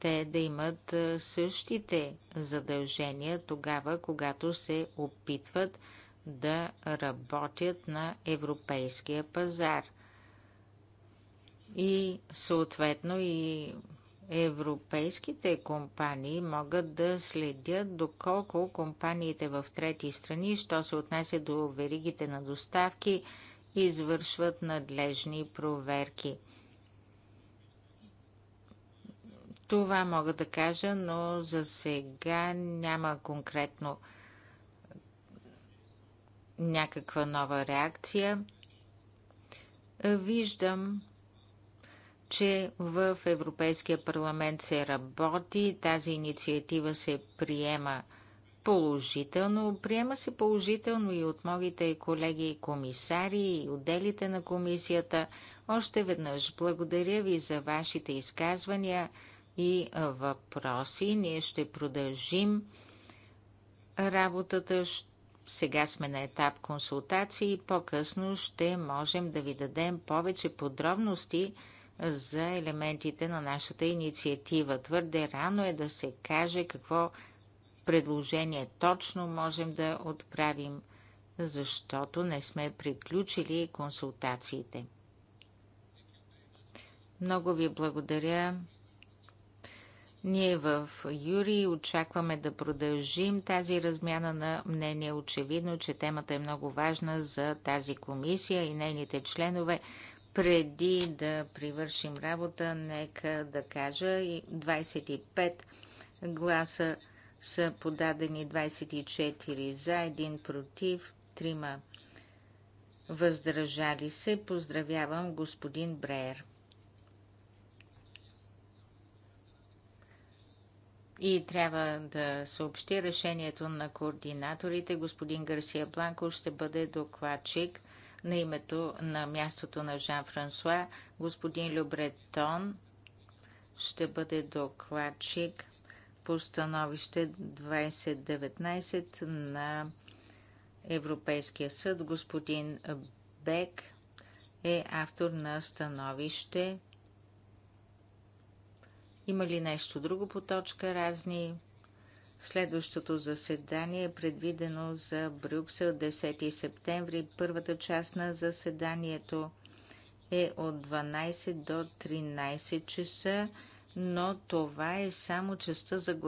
[SPEAKER 2] те да имат същите задължения тогава, когато се опитват да работят на европейския пазар. И съответно и европейските компании могат да следят доколко компаниите в трети страни, що се отнася до веригите на доставки, извършват надлежни проверки. Това мога да кажа, но за сега няма конкретно някаква нова реакция. Виждам, че в Европейския парламент се работи, тази инициатива се приема положително. Приема се положително и от моите колеги и комисари, и отделите на комисията. Още веднъж благодаря ви за вашите изказвания и въпроси. Ние ще продължим работата, сега сме на етап консултации и по-късно ще можем да ви дадем повече подробности за елементите на нашата инициатива. Твърде рано е да се каже какво предложение точно можем да отправим, защото не сме приключили консултациите. Много ви благодаря ние в Юри очакваме да продължим тази размяна на мнение. Очевидно, че темата е много важна за тази комисия и нейните членове. Преди да привършим работа, нека да кажа и 25 гласа са подадени 24 за, 1 против, 3 въздържали се. Поздравявам господин Бреер. и трябва да съобщи решението на координаторите. Господин Гарсия Бланко ще бъде докладчик на името на мястото на Жан-Франсуа. Господин Любретон ще бъде докладчик по становище 2019 на Европейския съд. Господин Бек е автор на становище има ли нещо друго по точка разни? Следващото заседание е предвидено за Брюксел 10 септември. Първата част на заседанието е от 12 до 13 часа, но това е само частта за гласуване.